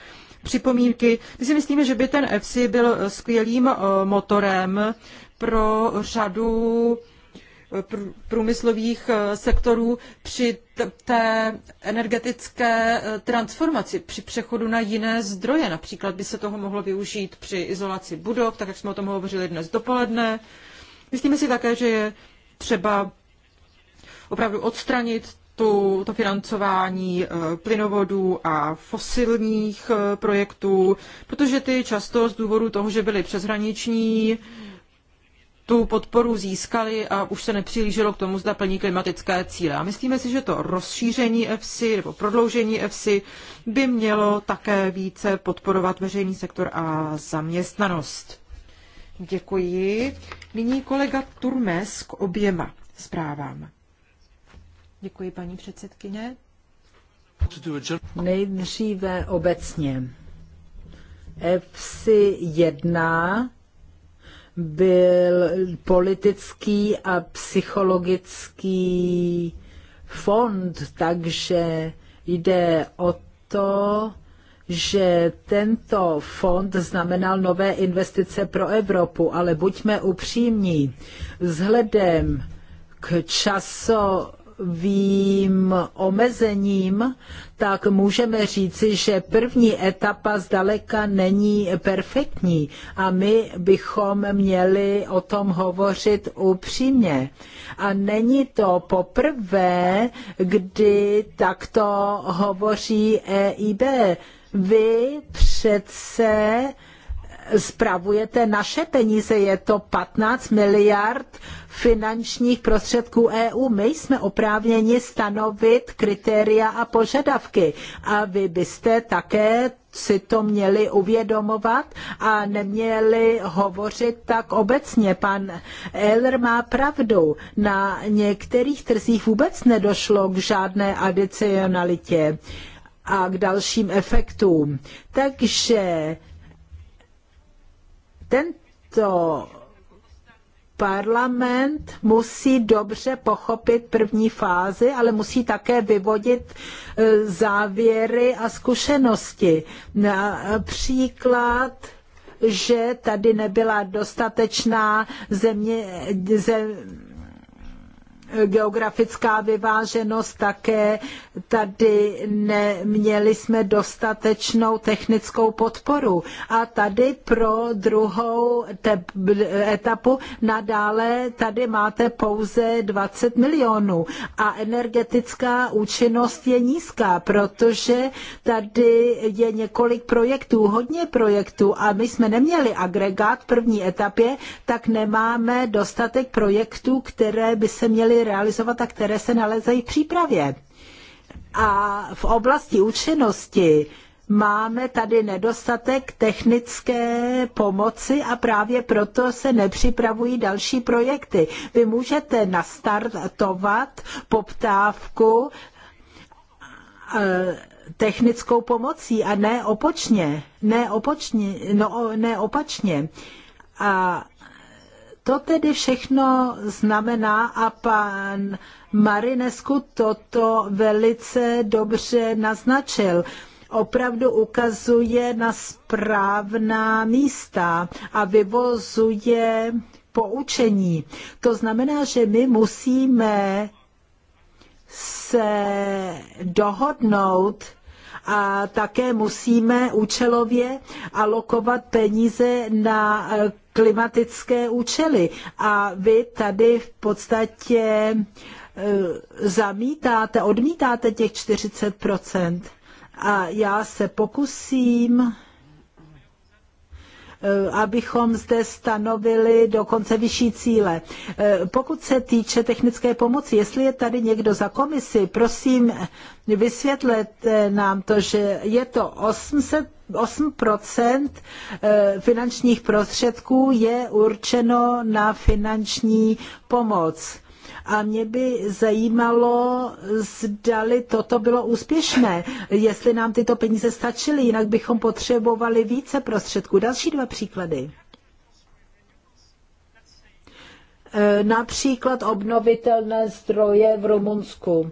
připomínky. My si myslíme, že by ten EFSI byl eh, skvělým eh, motorem pro řadu eh, průmyslových sektorů při té energetické transformaci, při přechodu na jiné zdroje. Například by se toho mohlo využít při izolaci budov, tak jak jsme o tom hovořili dnes dopoledne. Myslíme si také, že je třeba opravdu odstranit tu, to financování eh, plynovodů a fosilních eh, projektů, protože ty často z důvodu toho, že byly přeshraniční, tu podporu získali a už se nepřihlíželo k tomu, zda plní klimatické cíle. A myslíme si, že to rozšíření EFSI nebo prodloužení EFSI by mělo také více podporovat veřejný sektor a zaměstnanost. Děkuji. Nyní kolega Turmes k oběma zprávám. Děkuji, paní předsedkyně. Nejdříve obecně. EFSI 1 byl politický a psychologický fond, takže jde o to, že tento fond znamenal nové investice pro Evropu, ale buďme upřímní, vzhledem k časo časovým omezením, tak můžeme říci, že první etapa zdaleka není perfektní a my bychom měli o tom hovořit upřímně. A není to poprvé, kdy takto hovoří EIB. Vy přece spravujete naše peníze, je to 15 miliard finančních prostředků EU. My jsme oprávněni stanovit kritéria a požadavky a vy byste také si to měli uvědomovat a neměli hovořit tak obecně. Pan Eller má pravdu. Na některých trzích vůbec nedošlo k žádné adicionalitě a k dalším efektům. Takže tento parlament musí dobře pochopit první fázi, ale musí také vyvodit e, závěry a zkušenosti. Například, e, že tady nebyla dostatečná země, geografická vyváženost také. Tady neměli jsme dostatečnou technickou podporu. A tady pro druhou etapu nadále tady máte pouze 20 milionů. A energetická účinnost je nízká, protože tady je několik projektů, hodně projektů a my jsme neměli agregát v první etapě, tak nemáme dostatek projektů, které by se měly realizovat a které se nalezají v přípravě. A v oblasti účinnosti máme tady nedostatek technické pomoci a právě proto se nepřipravují další projekty. Vy můžete nastartovat poptávku eh, technickou pomocí a ne opočně, ne opočně, no, ne opačně. A to tedy všechno znamená a pan Marinesku toto velice dobře naznačil opravdu ukazuje na správná místa a vyvozuje poučení. To znamená, že my musíme se dohodnout a také musíme účelově alokovat peníze na klimatické účely. A vy tady v podstatě eh, zamítáte, odmítáte těch 40 a já se pokusím Eh, abychom zde stanovili dokonce vyšší cíle. Eh, pokud se týče technické pomoci, jestli je tady někdo za komisi, prosím, vysvětlete nám to, že je to 800 8% eh, finančních prostředků je určeno na finanční pomoc. A mě by zajímalo, zdali toto bylo úspěšné, jestli nám tyto peníze stačily, jinak bychom potřebovali více prostředků. Další dva příklady. E, například obnovitelné zdroje v Rumunsku.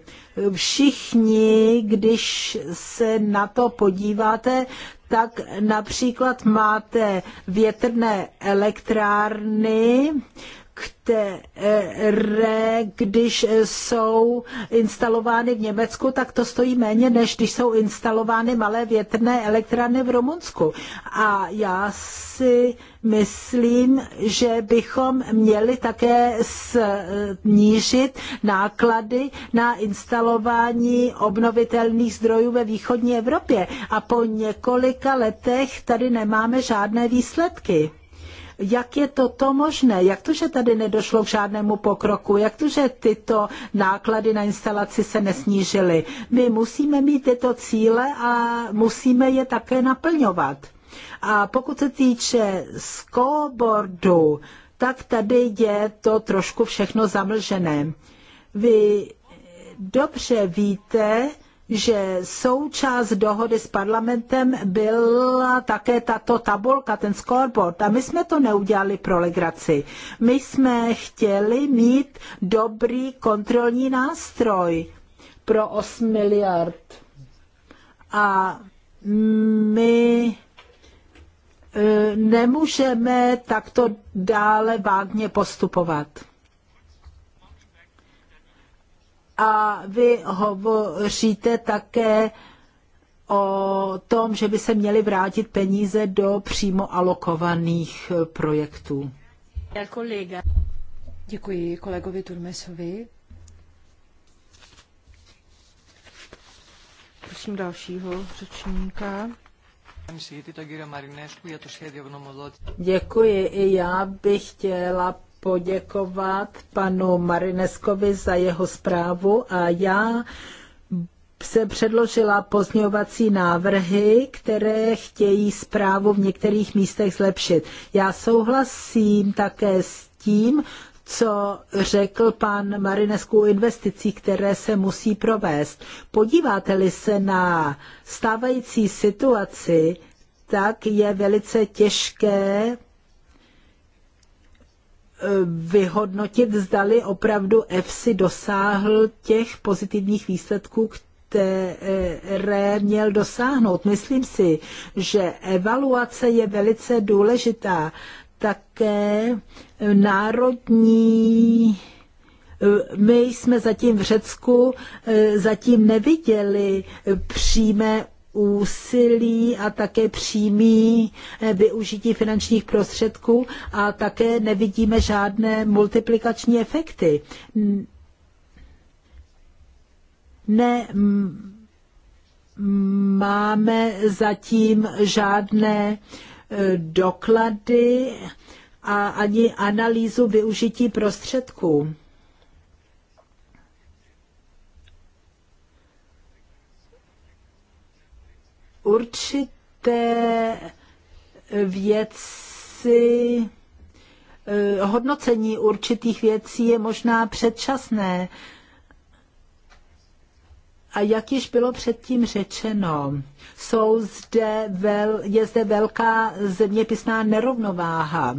Všichni, když se na to podíváte, tak například máte větrné elektrárny, které, když jsou instalovány v Německu, tak to stojí méně, než když jsou instalovány malé větrné elektrárny v Rumunsku. A já si myslím, že bychom měli také snížit náklady na instalování obnovitelných zdrojů ve východní Evropě. A po několika letech tady nemáme žádné výsledky. Jak je to to možné? Jak to, že tady nedošlo k žádnému pokroku? Jak to, že tyto náklady na instalaci se nesnížily? My musíme mít tyto cíle a musíme je také naplňovat. A pokud se týče scoreboardu, tak tady je to trošku všechno zamlžené. Vy dobře víte, že součást dohody s parlamentem byla také tato tabulka, ten scoreboard. A my jsme to neudělali pro legraci. My jsme chtěli mít dobrý kontrolní nástroj pro 8 miliard. A my e, nemůžeme takto dále vágně postupovat. A vy hovoříte také o tom, že by se měly vrátit peníze do přímo alokovaných projektů. Děkuji kolegovi Turmesovi. Prosím dalšího řečníka. Děkuji. I já bych chtěla poděkovat panu Marineskovi za jeho zprávu a já se předložila pozměňovací návrhy, které chtějí zprávu v některých místech zlepšit. Já souhlasím také s tím, co řekl pan Marinesku o investicích, které se musí provést. Podíváte-li se na stávající situaci, tak je velice těžké vyhodnotit, zdali opravdu EFSI dosáhl těch pozitivních výsledků, které měl dosáhnout. Myslím si, že evaluace je velice důležitá. Také národní my jsme zatím v Řecku eh, zatím neviděli přímé úsilí a také přímý eh, využití finančních prostředků a také nevidíme žádné multiplikační efekty. Ne, máme zatím žádné eh, doklady a ani analýzu využití prostředků. určité věci, eh, hodnocení určitých věcí je možná předčasné. A jak již bylo předtím řečeno, jsou zde vel, je zde velká zeměpisná nerovnováha.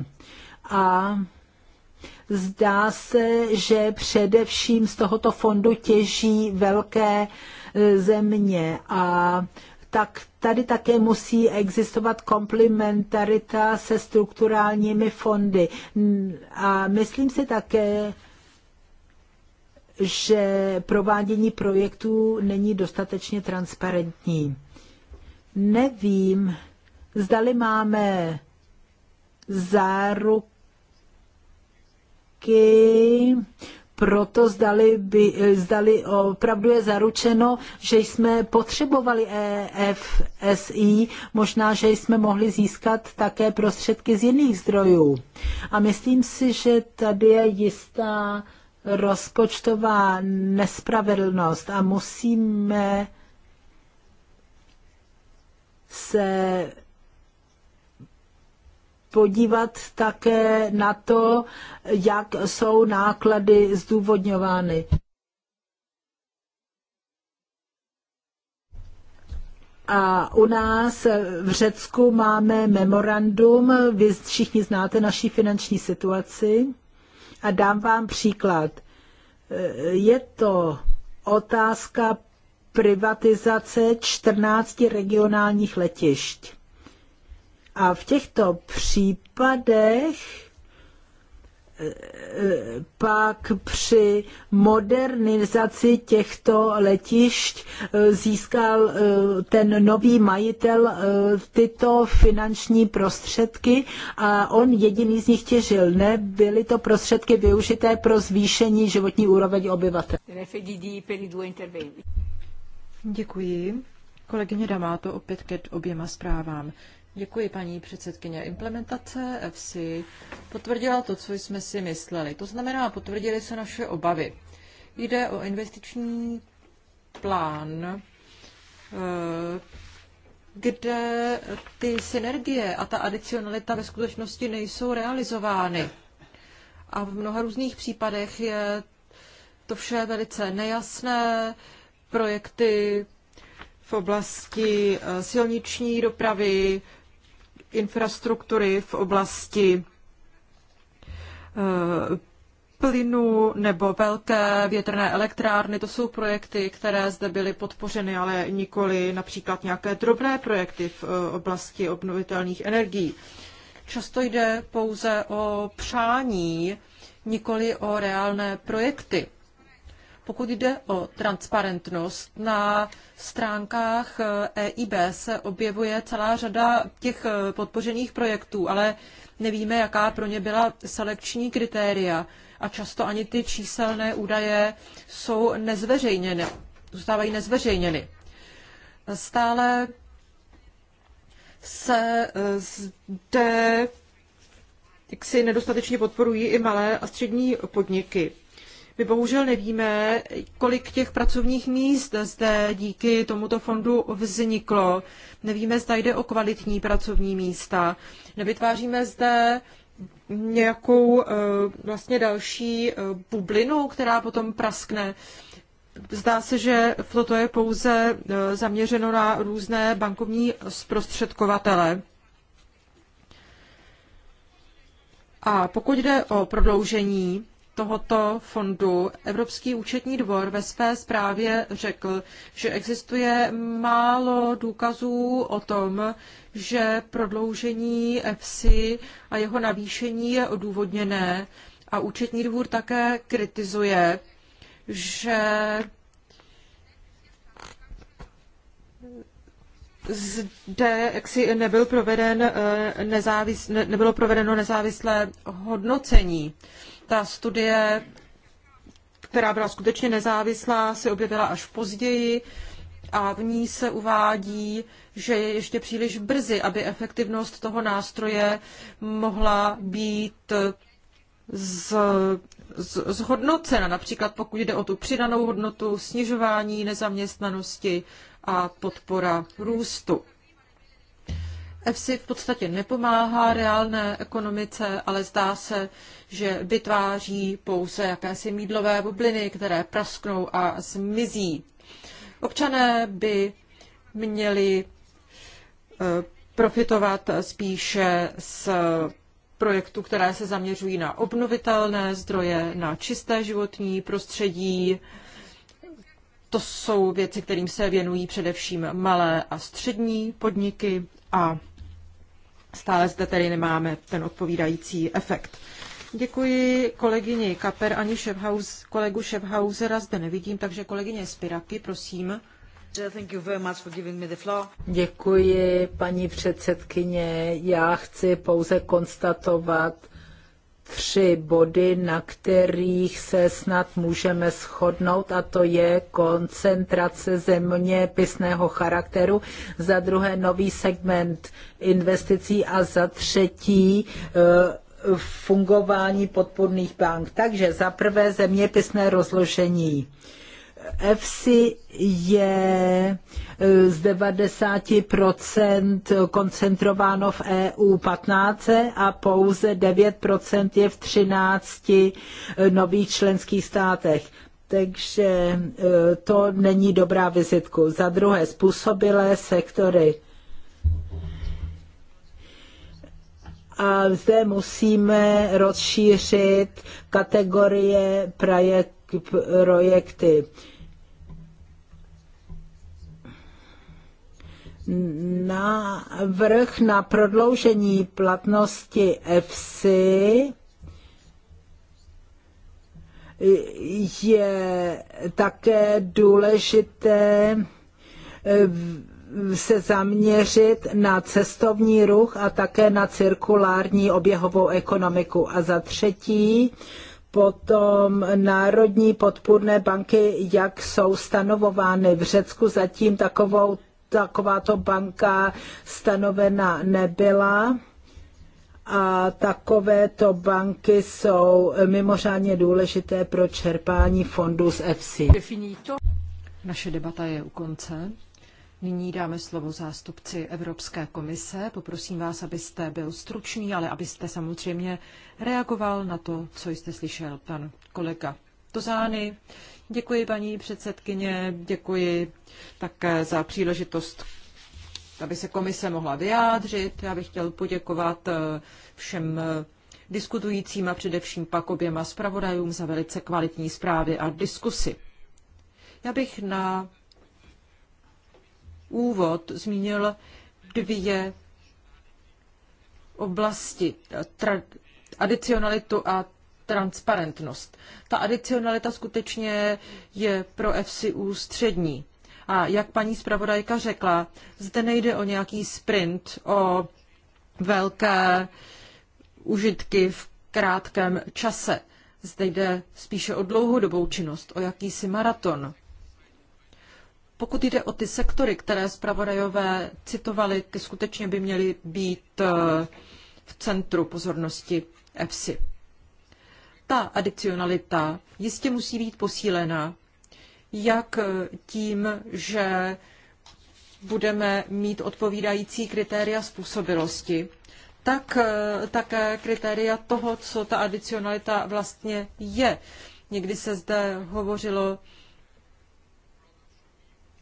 A zdá se, že především z tohoto fondu těží velké eh, země a tak tady také musí existovat komplementarita se strukturálními fondy. A myslím si také, že provádění projektů není dostatečně transparentní. Nevím, zdali máme záruky proto zdali, by, eh, zdali opravdu je zaručeno, že jsme potřebovali EFSI, možná, že jsme mohli získat také prostředky z jiných zdrojů. A myslím si, že tady je jistá rozpočtová nespravedlnost a musíme se podívat také na to, jak jsou náklady zdůvodňovány. A u nás v Řecku máme memorandum, vy všichni znáte naší finanční situaci. A dám vám příklad. Je to otázka privatizace 14 regionálních letišť. A v těchto případech eh, eh, pak při modernizaci těchto letišť eh, získal ten nový majitel tyto finanční prostředky a on jediný z nich těžil. byly to prostředky využité pro zvýšení životní úroveň obyvatel. Děkuji. Kolegyně Damáto opět ke oběma zprávám. Děkuji, paní předsedkyně. Implementace EFSI potvrdila to, co jsme si mysleli. To znamená, potvrdili se naše obavy. Jde o investiční plán, eh, kde ty synergie a ta adicionalita ve skutečnosti nejsou realizovány. A v mnoha různých případech je to vše velice nejasné, projekty v oblasti eh, silniční dopravy infrastruktury v oblasti eh, plynu nebo velké větrné elektrárny. To jsou projekty, které zde byly podpořeny, ale nikoli například nějaké drobné projekty v eh, oblasti obnovitelných energií. Často jde pouze o přání, nikoli o reálné projekty. Pokud jde o transparentnost, na stránkách EIB eh, e se objevuje celá řada těch eh, podpořených projektů, ale nevíme, jaká pro ně byla selekční kritéria a často ani ty číselné údaje jsou nezveřejněny, zůstávají nezveřejněny. Stále se eh, zde jaksi nedostatečně podporují i malé a střední podniky. My bohužel nevíme, kolik těch pracovních míst zde díky tomuto fondu vzniklo. Nevíme, zda jde o kvalitní pracovní místa. Nevytváříme zde nějakou eh, vlastně další eh, bublinu, která potom praskne. Zdá se, že toto je pouze eh, zaměřeno na různé bankovní zprostředkovatele. A pokud jde o prodloužení, tohoto fondu Evropský účetní dvor ve své zprávě řekl, že existuje málo důkazů o tom, že prodloužení EFSI a jeho navýšení je odůvodněné. A účetní dvůr také kritizuje, že zde jaksi nebyl proveden eh, nezávis, ne, nebylo provedeno nezávislé hodnocení. Ta studie, která byla skutečně nezávislá, se objevila až později a v ní se uvádí, že je ještě příliš brzy, aby efektivnost toho nástroje mohla být z, z, zhodnocena, například pokud jde o tu přidanou hodnotu, snižování nezaměstnanosti a podpora růstu. EFSI v podstatě nepomáhá reálné ekonomice, ale zdá se, že vytváří pouze jakési mídlové bubliny, které prasknou a zmizí. Občané by měli eh, profitovat spíše z projektů, které se zaměřují na obnovitelné zdroje, na čisté životní prostředí, to jsou věci, kterým se věnují především malé a střední podniky a stále zde tedy nemáme ten odpovídající efekt. Děkuji kolegyni Kaper ani Šefhaus, kolegu Šefhausera zde nevidím, takže kolegyně Spiraky, prosím. Děkuji, paní předsedkyně. Já chci pouze konstatovat, tři body, na kterých se snad můžeme shodnout, a to je koncentrace zeměpisného charakteru, za druhé nový segment investicí a za třetí eh, fungování podpůrných bank. Takže za prvé zeměpisné rozložení. EFSI je e, z 90% koncentrováno v EU 15 a pouze 9% je v 13 e, nových členských státech. Takže e, to není dobrá vizitku. Za druhé, způsobilé sektory. A zde musíme rozšířit kategorie projekty projekty. návrh na prodloužení platnosti EFSI je také důležité eh, se zaměřit na cestovní ruch a také na cirkulární oběhovou ekonomiku. A za třetí, potom národní podpůrné banky, jak jsou stanovovány v Řecku, zatím takovou takováto banka stanovena nebyla a takovéto banky jsou mimořádně důležité pro čerpání fondů z EFSI. Naše debata je u konce. Nyní dáme slovo zástupci Evropské komise. Poprosím vás, abyste byl stručný, ale abyste samozřejmě reagoval na to, co jste slyšel pan kolega Tozány. Děkuji paní předsedkyně, děkuji také za příležitost, aby se komise mohla vyjádřit. Já bych chtěl poděkovat eh, všem eh, diskutujícím a především pak oběma zpravodajům za velice kvalitní zprávy a diskusy. Já bych na úvod zmínil dvě oblasti, eh, tra- adicionalitu a transparentnost. Ta adicionalita skutečně je pro FCU střední. A jak paní zpravodajka řekla, zde nejde o nějaký sprint, o velké užitky v krátkém čase. Zde jde spíše o dlouhodobou činnost, o jakýsi maraton. Pokud jde o ty sektory, které zpravodajové citovali, skutečně by měly být eh, v centru pozornosti EFSI. Ta adicionalita jistě musí být posílena, jak tím, že budeme mít odpovídající kritéria způsobilosti, tak eh, také kritéria toho, co ta adicionalita vlastně je. Někdy se zde hovořilo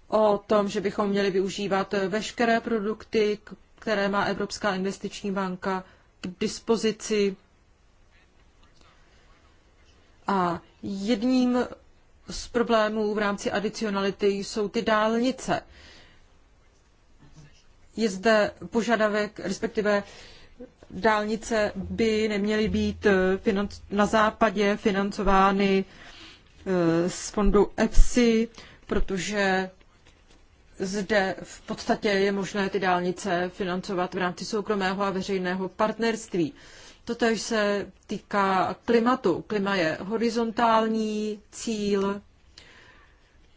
o tom, že bychom měli využívat veškeré produkty, které má Evropská investiční banka k dispozici. A jedním z problémů v rámci adicionality jsou ty dálnice. Je zde požadavek, respektive dálnice by neměly být eh, na západě financovány eh, z fondu EPSI, protože zde v podstatě je možné ty dálnice financovat v rámci soukromého a veřejného partnerství. Totež se týká klimatu. Klima je horizontální cíl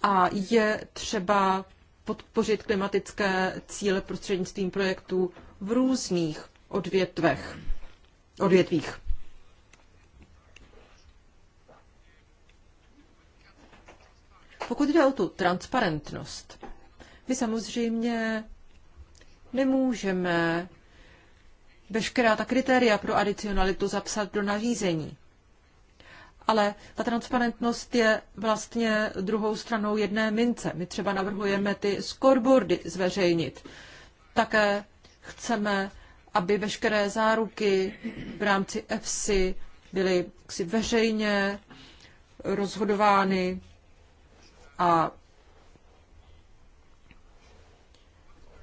a je třeba podpořit klimatické cíle prostřednictvím projektů v různých odvětvech, odvětvích. Pokud jde o tu transparentnost, my samozřejmě nemůžeme veškerá ta kritéria pro adicionalitu zapsat do nařízení. Ale ta transparentnost je vlastně druhou stranou jedné mince. My třeba navrhujeme ty scoreboardy zveřejnit. Také chceme, aby veškeré záruky v rámci EFSI byly si veřejně rozhodovány a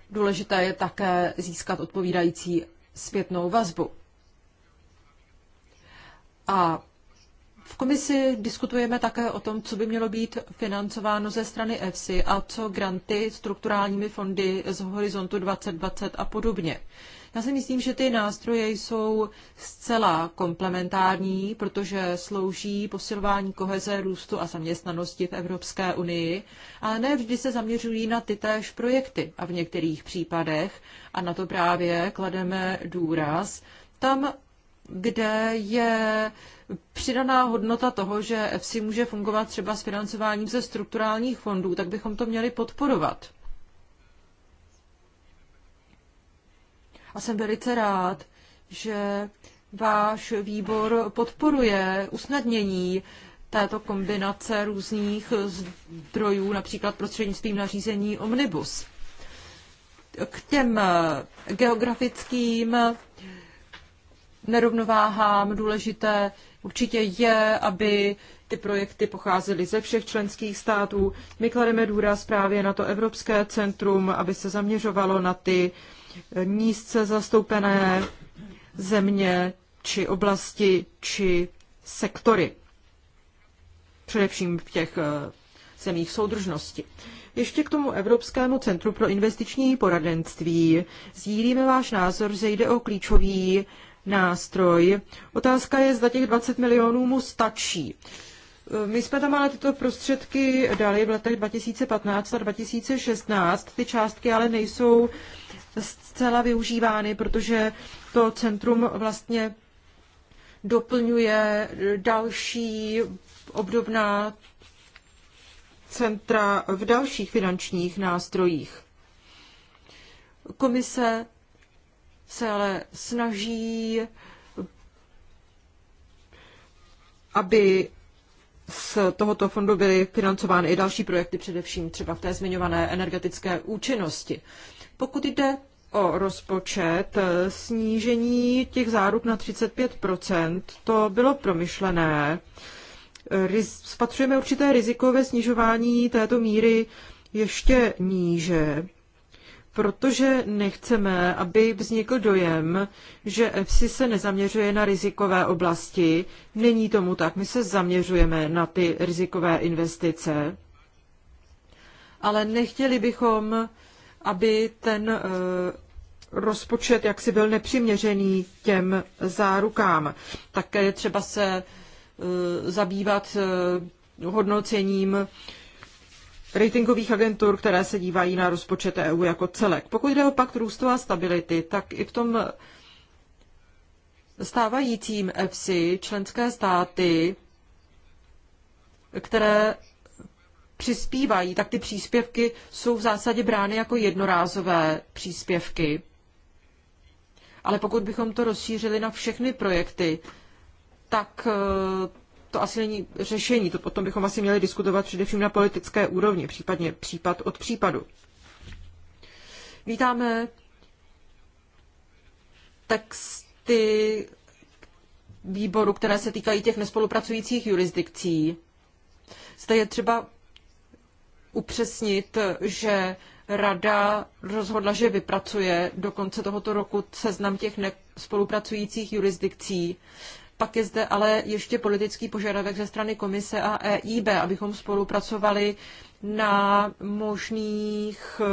důležité je také získat odpovídající zpětnou vazbu. A v komisi diskutujeme také o tom, co by mělo být financováno ze strany EFSI a co granty strukturálními fondy z Horizontu 2020 a podobně. Já si myslím, že ty nástroje jsou zcela komplementární, protože slouží posilování koheze, růstu a zaměstnanosti v Evropské unii, ale ne vždy se zaměřují na tytéž projekty a v některých případech, a na to právě klademe důraz, tam kde je přidaná hodnota toho, že EFSI může fungovat třeba s financováním ze strukturálních fondů, tak bychom to měli podporovat. A jsem velice rád, že váš výbor podporuje usnadnění této kombinace různých zdrojů, například prostřednictvím nařízení Omnibus. K těm geografickým nerovnováhám. Důležité určitě je, aby ty projekty pocházely ze všech členských států. My klademe důraz právě na to Evropské centrum, aby se zaměřovalo na ty eh, nízce zastoupené země či oblasti či sektory. Především v těch eh, zemích soudržnosti. Ještě k tomu Evropskému centru pro investiční poradenství. Sdílíme váš názor, že jde o klíčový nástroj. Otázka je, zda těch 20 milionů mu stačí. E, my jsme tam ale tyto prostředky dali v letech 2015 a 2016. Ty částky ale nejsou zcela využívány, protože to centrum vlastně doplňuje další obdobná centra v dalších finančních nástrojích. Komise se ale snaží, aby z tohoto fondu byly financovány i další projekty, především třeba v té zmiňované energetické účinnosti. Pokud jde o rozpočet, snížení těch záruk na 35%, to bylo promyšlené. Spatřujeme určité rizikové snižování této míry ještě níže protože nechceme, aby vznikl dojem, že EFSI se nezaměřuje na rizikové oblasti. Není tomu tak. My se zaměřujeme na ty rizikové investice, ale nechtěli bychom, aby ten eh, rozpočet jaksi byl nepřiměřený těm zárukám. Také třeba se eh, zabývat eh, hodnocením ratingových agentur, které se dívají na rozpočet EU jako celek. Pokud jde o pakt růstu a stability, tak i v tom stávajícím EFSI členské státy, které přispívají, tak ty příspěvky jsou v zásadě brány jako jednorázové příspěvky. Ale pokud bychom to rozšířili na všechny projekty, tak eh, to asi není řešení, to potom bychom asi měli diskutovat především na politické úrovni, případně případ od případu. Vítáme texty výboru, které se týkají těch nespolupracujících jurisdikcí. Zde je třeba upřesnit, že rada rozhodla, že vypracuje do konce tohoto roku seznam těch nespolupracujících jurisdikcí pak je zde ale ještě politický požadavek ze strany komise a EIB, abychom spolupracovali na možných eh,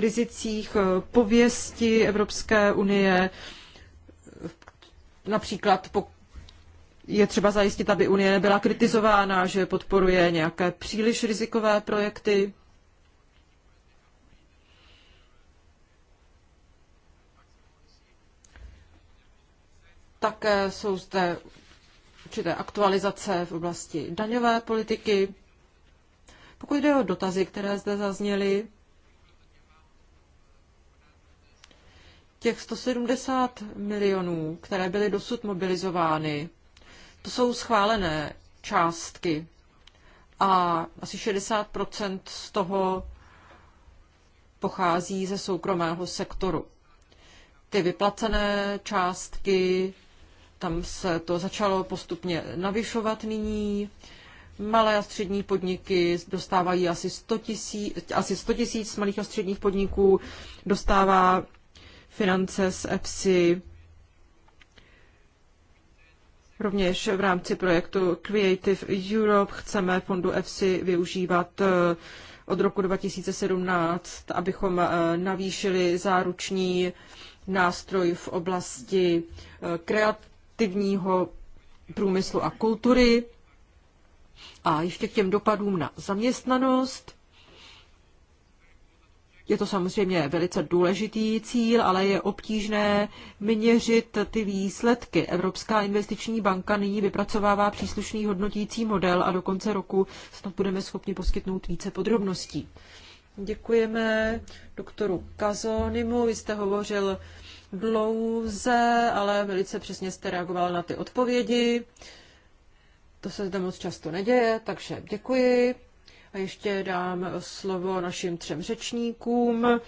rizicích eh, pověsti Evropské unie. Například je třeba zajistit, aby Unie nebyla kritizována, že podporuje nějaké příliš rizikové projekty. Také jsou zde určité aktualizace v oblasti daňové politiky. Pokud jde o dotazy, které zde zazněly, těch 170 milionů, které byly dosud mobilizovány, to jsou schválené částky a asi 60 z toho pochází ze soukromého sektoru. Ty vyplacené částky tam se to začalo postupně navyšovat nyní. Malé a střední podniky dostávají asi 100 tisíc, asi 100 tisíc malých a středních podniků dostává finance z EPSI. Rovněž v rámci projektu Creative Europe chceme fondu EFSI využívat eh, od roku 2017, abychom eh, navýšili záruční nástroj v oblasti eh, kreativity aktivního průmyslu a kultury a ještě k těm dopadům na zaměstnanost. Je to samozřejmě velice důležitý cíl, ale je obtížné měřit ty výsledky. Evropská investiční banka nyní vypracovává příslušný hodnotící model a do konce roku snad budeme schopni poskytnout více podrobností. Děkujeme doktoru Kazonimu. Vy jste hovořil dlouze, ale velice přesně jste reagoval na ty odpovědi. To se zde moc často neděje, takže děkuji. A ještě dám slovo našim třem řečníkům,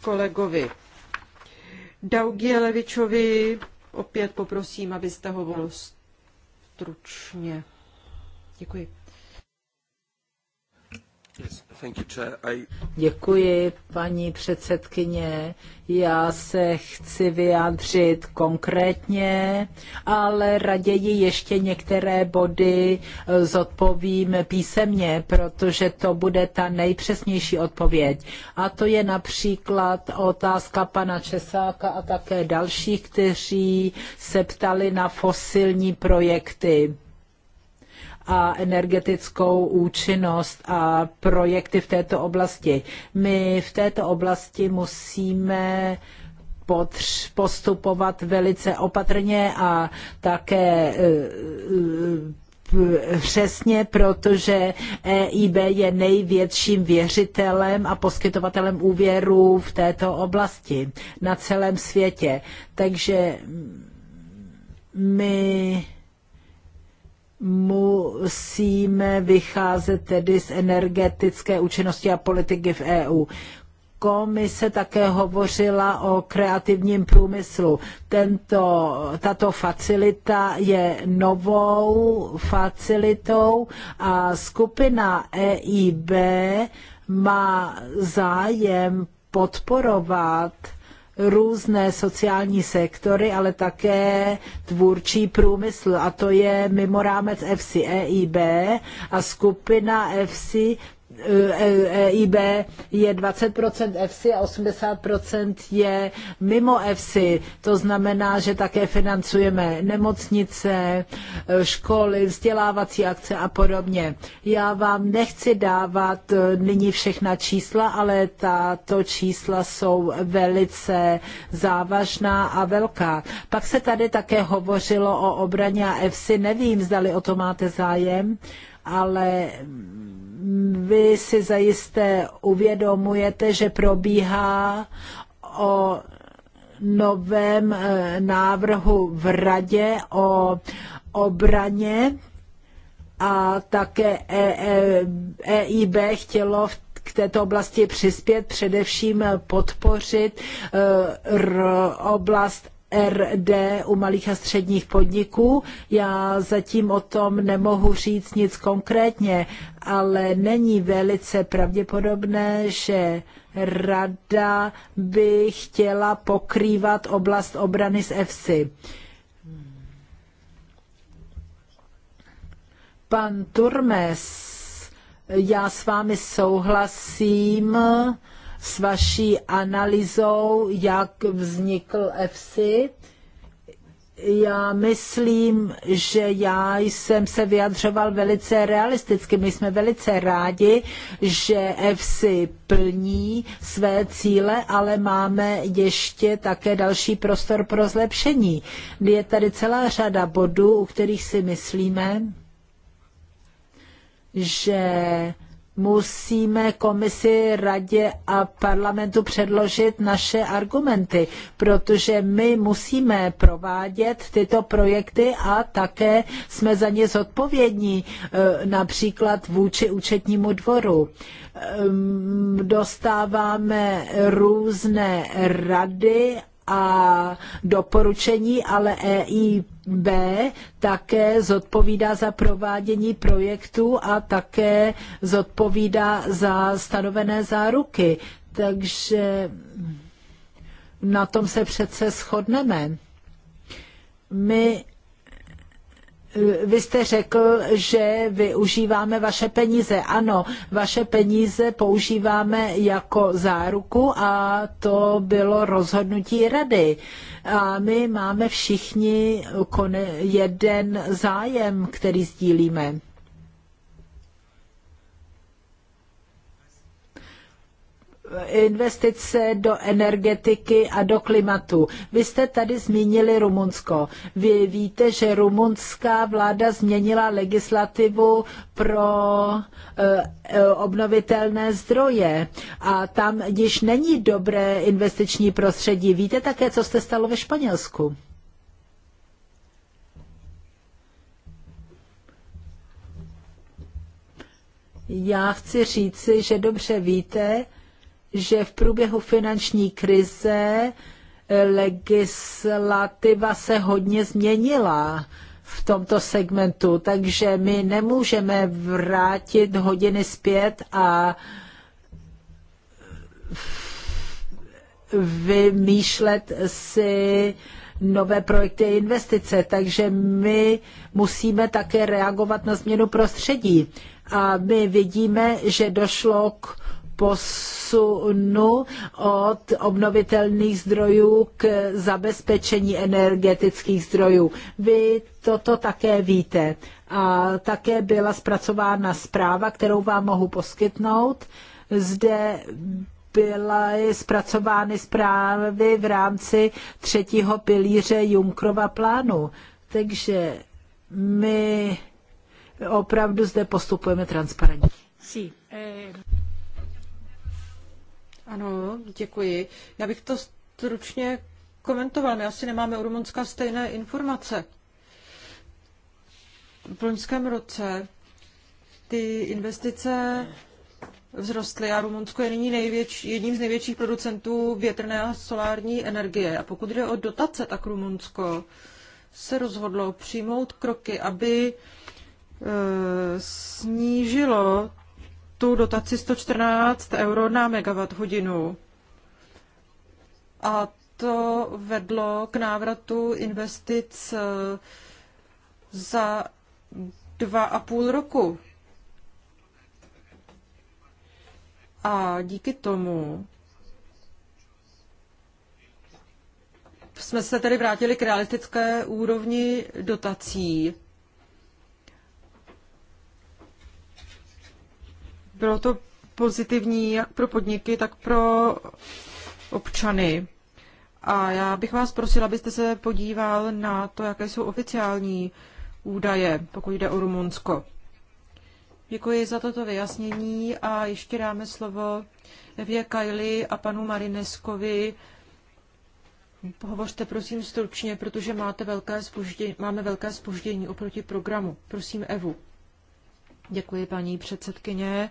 kolegovi Daugielevičovi. Opět poprosím, abyste hovoril stručně. Děkuji. Děkuji, paní předsedkyně. Já se chci vyjádřit konkrétně, ale raději ještě některé body eh, zodpovím písemně, protože to bude ta nejpřesnější odpověď. A to je například otázka pana Česáka a také dalších, kteří se ptali na fosilní projekty a energetickou účinnost a projekty v této oblasti. My v této oblasti musíme postupovat velice opatrně a také e, e, přesně, protože EIB je největším věřitelem a poskytovatelem úvěrů v této oblasti na celém světě. Takže my musíme vycházet tedy z energetické účinnosti a politiky v EU. Komise také hovořila o kreativním průmyslu. Tento, tato facilita je novou facilitou a skupina EIB má zájem podporovat různé sociální sektory, ale také tvůrčí průmysl a to je mimo rámec FC EIB a skupina FC. EIB e, e, e je 20% EFSI a 80% je mimo EFSI. To znamená, že také financujeme nemocnice, školy, vzdělávací akce a podobně. Já vám nechci dávat nyní všechna čísla, ale tato čísla jsou velice závažná a velká. Pak se tady také hovořilo o obraně a EFSI. Nevím, zdali o to máte zájem ale vy si zajisté uvědomujete, že probíhá o novém eh, návrhu v radě o obraně a také EIB e, e chtělo v k této oblasti přispět, především podpořit eh, oblast RD u malých a středních podniků. Já zatím o tom nemohu říct nic konkrétně, ale není velice pravděpodobné, že rada by chtěla pokrývat oblast obrany z EFSI. Pan Turmes, já s vámi souhlasím, s vaší analýzou, jak vznikl EFSI. Já myslím, že já jsem se vyjadřoval velice realisticky. My jsme velice rádi, že EFSI plní své cíle, ale máme ještě také další prostor pro zlepšení. Je tady celá řada bodů, u kterých si myslíme, že musíme komisi, radě a parlamentu předložit naše argumenty, protože my musíme provádět tyto projekty a také jsme za ně zodpovědní, e, například vůči účetnímu dvoru. Dostáváme různé rady a doporučení, ale EIB také zodpovídá za provádění projektu a také zodpovídá za stanovené záruky. Takže na tom se přece shodneme. My vy jste řekl, že využíváme vaše peníze. Ano, vaše peníze používáme jako záruku a to bylo rozhodnutí rady. A my máme všichni jeden zájem, který sdílíme. investice do energetiky a do klimatu. Vy jste tady zmínili Rumunsko. Vy víte, že rumunská vláda změnila legislativu pro eh, eh, obnovitelné zdroje a tam již není dobré investiční prostředí. Víte také, co se stalo ve Španělsku? Já chci říci, že dobře víte, že v průběhu finanční krize eh, legislativa se hodně změnila v tomto segmentu, takže my nemůžeme vrátit hodiny zpět a vymýšlet si nové projekty a investice, takže my musíme také reagovat na změnu prostředí. A my vidíme, že došlo k posunu od obnovitelných zdrojů k zabezpečení energetických zdrojů. Vy toto také víte. A také byla zpracována zpráva, kterou vám mohu poskytnout. Zde byly zpracovány zprávy v rámci třetího pilíře Junkrova plánu. Takže my opravdu zde postupujeme transparentně. Sí. Eh... Ano, děkuji. Já bych to stručně komentoval. My asi nemáme u Rumunska stejné informace. V loňském roce ty investice vzrostly a Rumunsko je nyní největš, jedním z největších producentů větrné a solární energie. A pokud jde o dotace, tak Rumunsko se rozhodlo přijmout kroky, aby eh, snížilo tu dotaci 114 euro na megawatt hodinu. A to vedlo k návratu investic eh, za dva a půl roku. A díky tomu jsme se tedy vrátili k realistické úrovni dotací Bylo to pozitivní jak pro podniky, tak pro občany. A já bych vás prosila, abyste se podíval na to, jaké jsou oficiální údaje, pokud jde o Rumunsko. Děkuji za toto vyjasnění a ještě dáme slovo Evě Kajli a panu Marineskovi. Hovořte prosím stručně, protože máte velké spoždění, máme velké spoždění oproti programu. Prosím Evu. Děkuji, paní předsedkyně.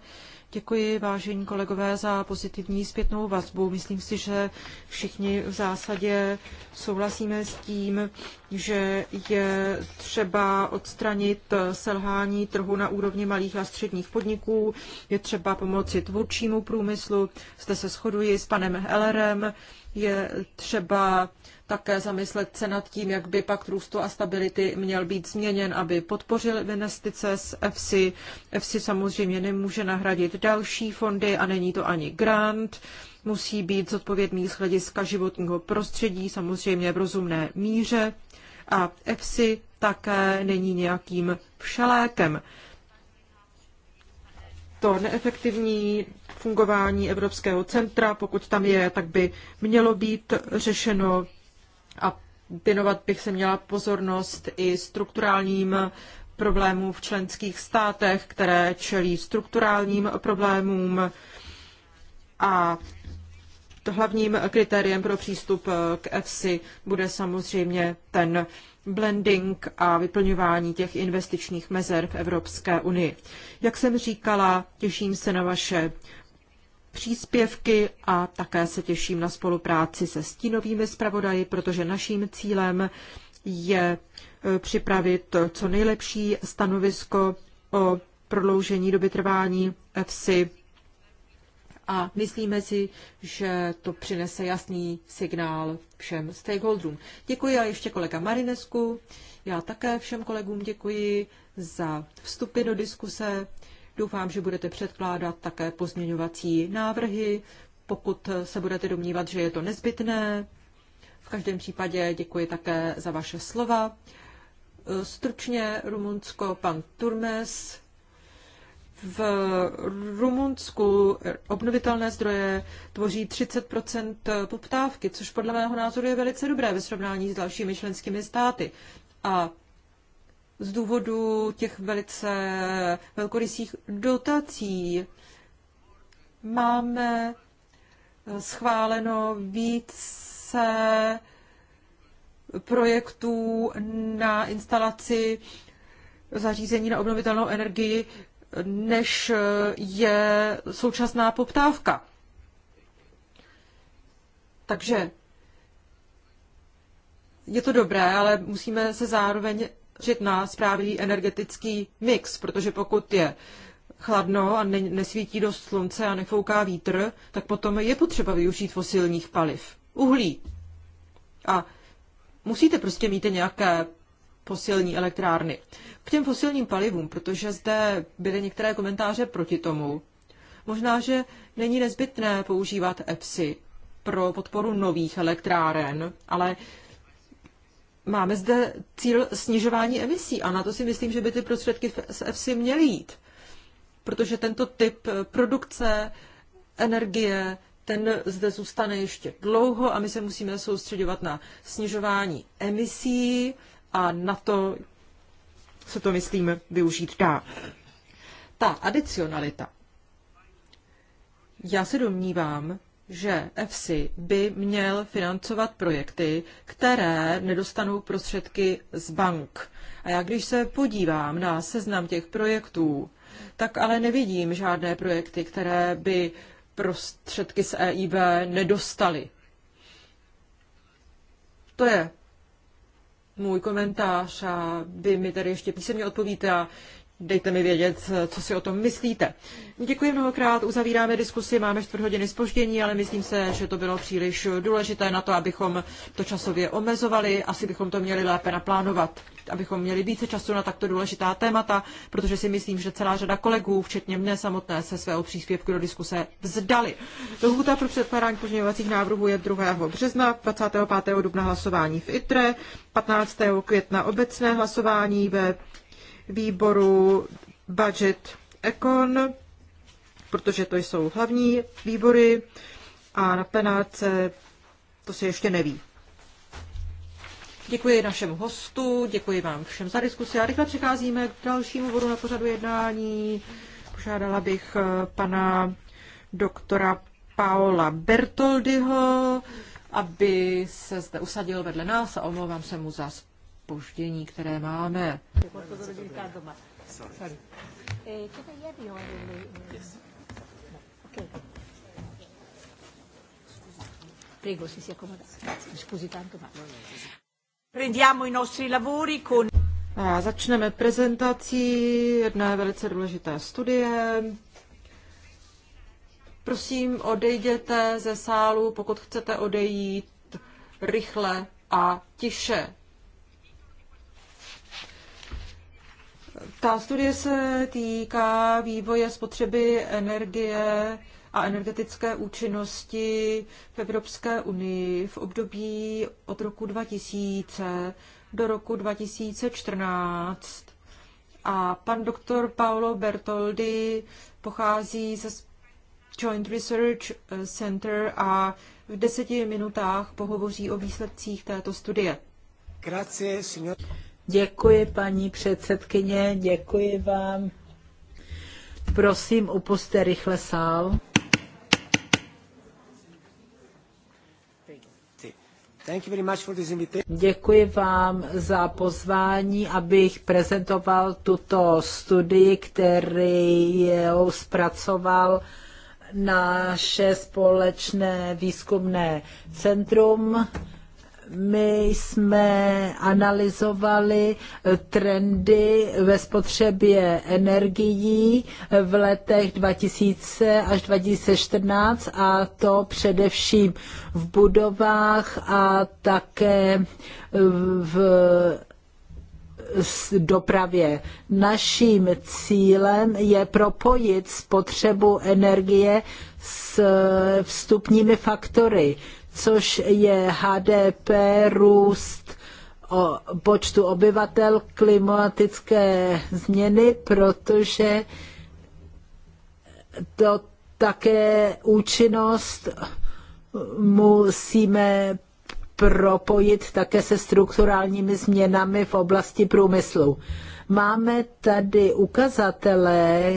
Děkuji, vážení kolegové, za pozitivní zpětnou vazbu. Myslím si, že všichni v zásadě souhlasíme s tím, že je třeba odstranit selhání trhu na úrovni malých a středních podniků, je třeba pomoci tvůrčímu průmyslu, zde se shoduji s panem Hellerem, je třeba také zamyslet se nad tím, jak by pakt růstu a stability měl být změněn, aby podpořil investice z EFSI. EFSI samozřejmě nemůže nahradit další fondy a není to ani grant. Musí být zodpovědný z hlediska životního prostředí, samozřejmě v rozumné míře. A EFSI také není nějakým všelékem. To neefektivní fungování Evropského centra, pokud tam je, tak by mělo být řešeno a věnovat bych se měla pozornost i strukturálním problémů v členských státech, které čelí strukturálním problémům a hlavním kritériem pro přístup eh, k EFSI bude samozřejmě ten blending a vyplňování těch investičních mezer v Evropské unii. Jak jsem říkala, těším se na vaše příspěvky a také se těším na spolupráci se stínovými zpravodaji, protože naším cílem je e, připravit co nejlepší stanovisko o prodloužení doby trvání EFSI a myslíme si, že to přinese jasný signál všem stakeholderům. Děkuji a ještě kolega Marinesku. Já také všem kolegům děkuji za vstupy do diskuse. Doufám, že budete předkládat také pozměňovací návrhy, pokud se budete domnívat, že je to nezbytné. V každém případě děkuji také za vaše slova. Stručně Rumunsko, pan Turmes. V Rumunsku obnovitelné zdroje tvoří 30 poptávky, což podle mého názoru je velice dobré ve srovnání s dalšími členskými státy. A z důvodu těch velice velkorysých dotací. Máme eh, schváleno více projektů na instalaci zařízení na obnovitelnou energii, než eh, je současná poptávka. Takže je to dobré, ale musíme se zároveň zaměřit na správný energetický mix, protože pokud je chladno a ne, nesvítí dost slunce a nefouká vítr, tak potom je potřeba využít fosilních paliv. Uhlí. A musíte prostě mít nějaké fosilní elektrárny. K těm fosilním palivům, protože zde byly některé komentáře proti tomu, možná, že není nezbytné používat EPSy pro podporu nových elektráren, ale máme zde cíl snižování emisí a na to si myslím, že by ty prostředky z EFSI měly jít. Protože tento typ eh, produkce energie, ten zde zůstane ještě dlouho a my se musíme soustředovat na snižování emisí a na to se to, myslím, využít dá. Ta adicionalita. Já se domnívám, že EFSI by měl financovat projekty, které nedostanou prostředky z bank. A já když se podívám na seznam těch projektů, tak ale nevidím žádné projekty, které by prostředky z EIB nedostaly. To je můj komentář a vy mi tady ještě písemně odpovíte a dejte mi vědět, co si o tom myslíte. Děkuji mnohokrát, uzavíráme diskusi, máme čtvrt hodiny spoždění, ale myslím se, že to bylo příliš důležité na to, abychom to časově omezovali, asi bychom to měli lépe naplánovat, abychom měli více času na takto důležitá témata, protože si myslím, že celá řada kolegů, včetně mne samotné, se svého příspěvku do diskuse vzdali. Lhůta pro předkládání pozměňovacích návrhů je 2. března, 25. dubna hlasování v ITRE, 15. května obecné hlasování ve výboru budget Econ, protože to jsou hlavní výbory a na plenáce to se ještě neví. Děkuji našemu hostu, děkuji vám všem za diskusi a rychle přecházíme k dalšímu bodu na pořadu jednání. Požádala bych eh, pana doktora Paola Bertoldiho, aby se zde usadil vedle nás a omlouvám se mu za spoždění, které máme. si si A začneme prezentací jedné velice důležité studie. Prosím, odejděte ze sálu, pokud chcete odejít rychle a tiše. Ta studie se týká vývoje spotřeby energie a energetické účinnosti v Evropské unii v období od roku 2000 do roku 2014. A pan doktor Paolo Bertoldi pochází ze Joint Research Center a v deseti minutách pohovoří o výsledcích této studie. Grazie, signor. Děkuji, paní předsedkyně, děkuji vám. Prosím, upuste rychle sál. Děkuji vám za pozvání, abych prezentoval tuto studii, který kterou zpracoval naše společné výzkumné centrum my jsme analyzovali eh, trendy ve spotřebě energií eh, v letech 2000 až 2014 a to především v budovách a také eh, v dopravě. Naším cílem je propojit spotřebu energie s vstupními faktory což je HDP, růst o počtu obyvatel, klimatické změny, protože to také účinnost musíme propojit také se strukturálními změnami v oblasti průmyslu. Máme tady ukazatele,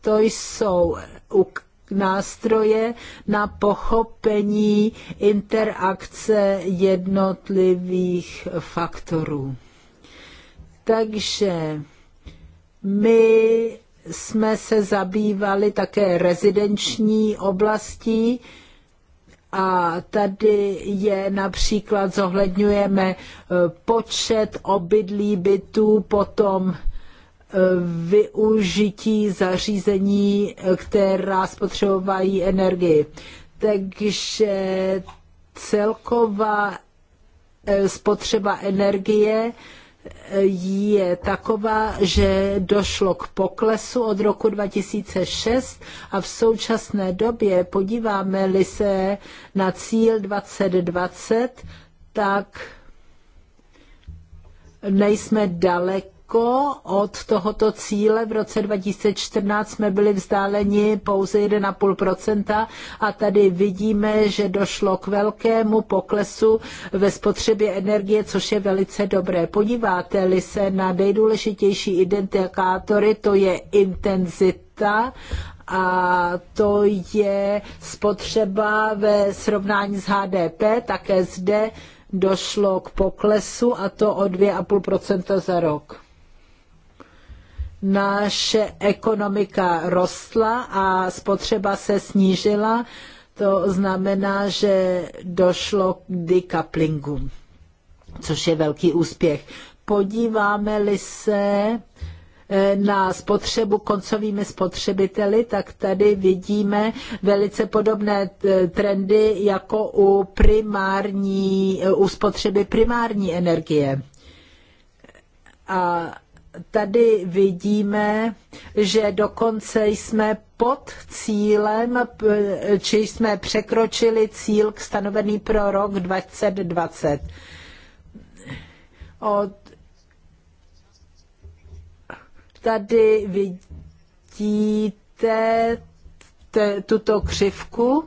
to jsou ukazatele, nástroje na pochopení interakce jednotlivých faktorů. Takže my jsme se zabývali také rezidenční oblastí, a tady je například zohledňujeme eh, počet obydlí bytů, potom využití zařízení, která spotřebovají energii. Takže celková eh, spotřeba energie eh, je taková, že došlo k poklesu od roku 2006 a v současné době podíváme-li se na cíl 2020, tak nejsme dalek daleko od tohoto cíle. V roce 2014 jsme byli vzdáleni pouze 1,5% a tady vidíme, že došlo k velkému poklesu ve spotřebě energie, což je velice dobré. Podíváte-li se na nejdůležitější identikátory, to je intenzita a to je spotřeba ve srovnání s HDP, také zde došlo k poklesu a to o 2,5 za rok naše ekonomika rostla a spotřeba se snížila, to znamená, že došlo k decouplingu, což je velký úspěch. Podíváme-li se eh, na spotřebu koncovými spotřebiteli, tak tady vidíme velice podobné eh, trendy jako u, primární, eh, u spotřeby primární energie. A tady vidíme, že dokonce jsme pod cílem, či jsme překročili cíl stanovený pro rok 2020. Od tady vidíte tuto křivku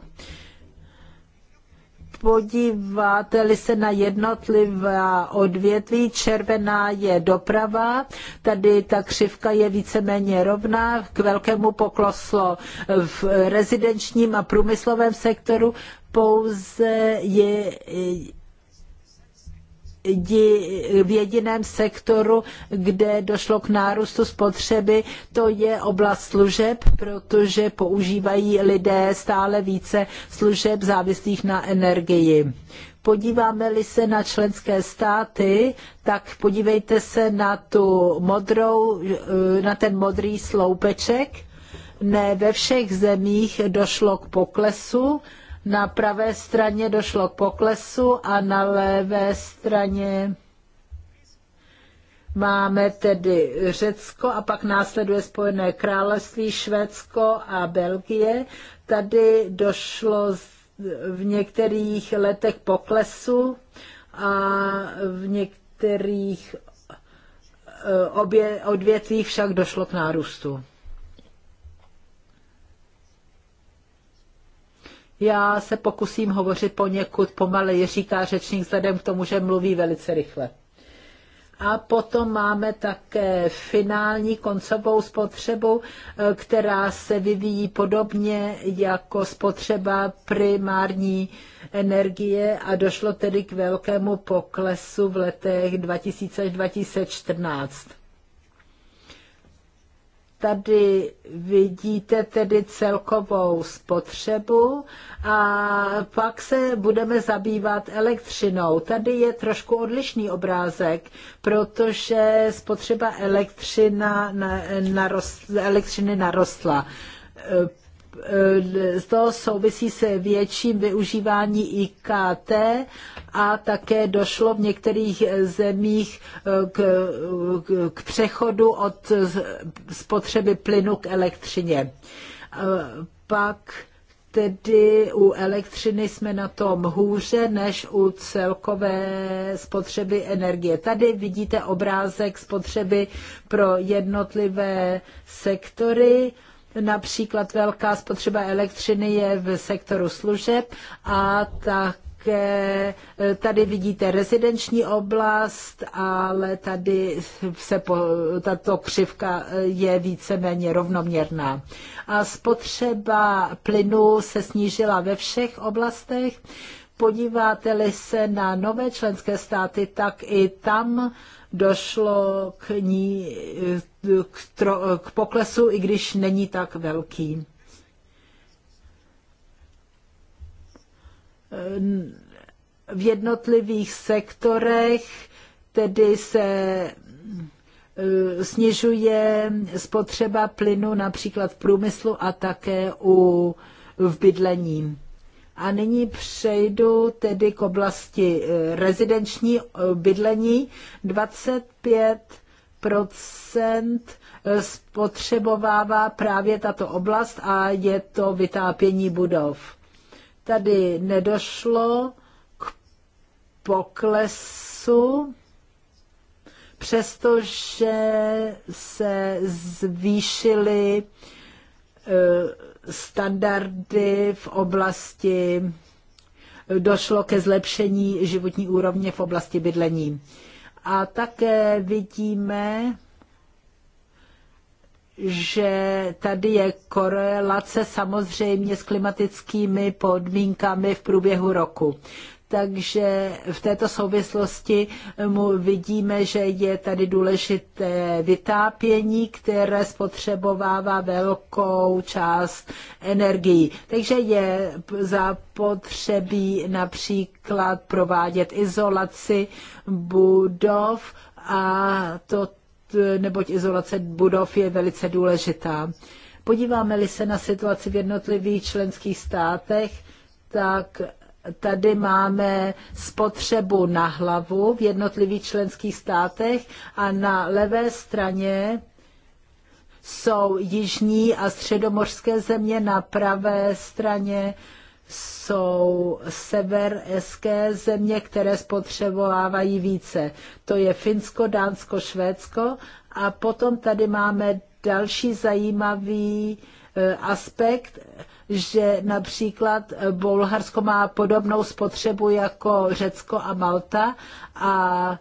podíváte-li se na jednotlivá odvětví, červená je doprava, tady ta křivka je víceméně rovná, k velkému pokloslo v rezidenčním a průmyslovém sektoru, pouze je v jediném sektoru, kde došlo k nárůstu spotřeby, to je oblast služeb, protože používají lidé stále více služeb závislých na energii. Podíváme-li se na členské státy, tak podívejte se na, tu modrou, na ten modrý sloupeček. Ne ve všech zemích došlo k poklesu, na pravé straně došlo k poklesu a na levé straně máme tedy Řecko a pak následuje Spojené království, Švédsko a Belgie. Tady došlo v některých letech poklesu a v některých eh, obě, odvětvích však došlo k nárůstu. Já se pokusím hovořit poněkud pomaleji, říká řečník vzhledem k tomu, že mluví velice rychle. A potom máme také finální koncovou spotřebu, e, která se vyvíjí podobně jako spotřeba primární energie a došlo tedy k velkému poklesu v letech 2000 až 2014. Tady vidíte tedy celkovou spotřebu a pak se budeme zabývat elektřinou. Tady je trošku odlišný obrázek, protože spotřeba elektřina, na, elektřiny narostla Eh, to souvisí se větším využívání IKT a také došlo v některých zemích eh, k, k, eh, k přechodu od spotřeby plynu k elektřině. Pak tedy u elektřiny jsme na tom hůře než u celkové spotřeby energie. Tady vidíte obrázek spotřeby pro jednotlivé sektory Například velká spotřeba elektřiny je v sektoru služeb a tak e, Tady vidíte rezidenční oblast, ale tady se po, tato křivka e, je víceméně rovnoměrná. A spotřeba plynu se snížila ve všech oblastech Podíváte-li se na nové členské státy, tak i tam došlo k, ní, k, tro, k poklesu, i když není tak velký. V jednotlivých sektorech tedy se eh, snižuje spotřeba plynu například v průmyslu a také u, v bydlení. A nyní přejdu tedy k oblasti eh, rezidenční eh, bydlení. 25 eh, spotřebovává právě tato oblast a je to vytápění budov. Tady nedošlo k poklesu, přestože se zvýšily Eh, standardy v oblasti, eh, došlo ke zlepšení životní úrovně v oblasti bydlení. A také vidíme, že tady je korelace samozřejmě s klimatickými podmínkami v průběhu roku. Takže v této souvislosti mu vidíme, že je tady důležité vytápění, které spotřebovává velkou část energií. Takže je zapotřebí například provádět izolaci budov a to, neboť izolace budov je velice důležitá. Podíváme-li se na situaci v jednotlivých členských státech, tak Tady máme spotřebu na hlavu v jednotlivých členských státech a na levé straně jsou jižní a středomořské země, na pravé straně jsou severské země, které spotřebovávají více. To je Finsko, Dánsko, Švédsko a potom tady máme další zajímavý eh, aspekt, že například eh, Bulharsko má podobnou spotřebu jako Řecko a Malta a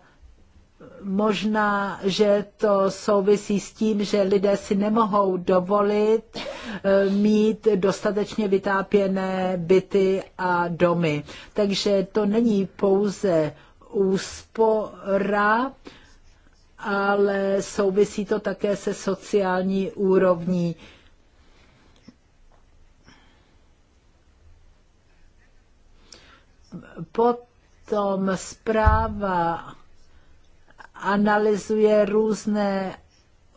možná, že to souvisí s tím, že lidé si nemohou dovolit eh, mít dostatečně vytápěné byty a domy. Takže to není pouze úspora, ale souvisí to také se sociální úrovní Potom zpráva analyzuje různé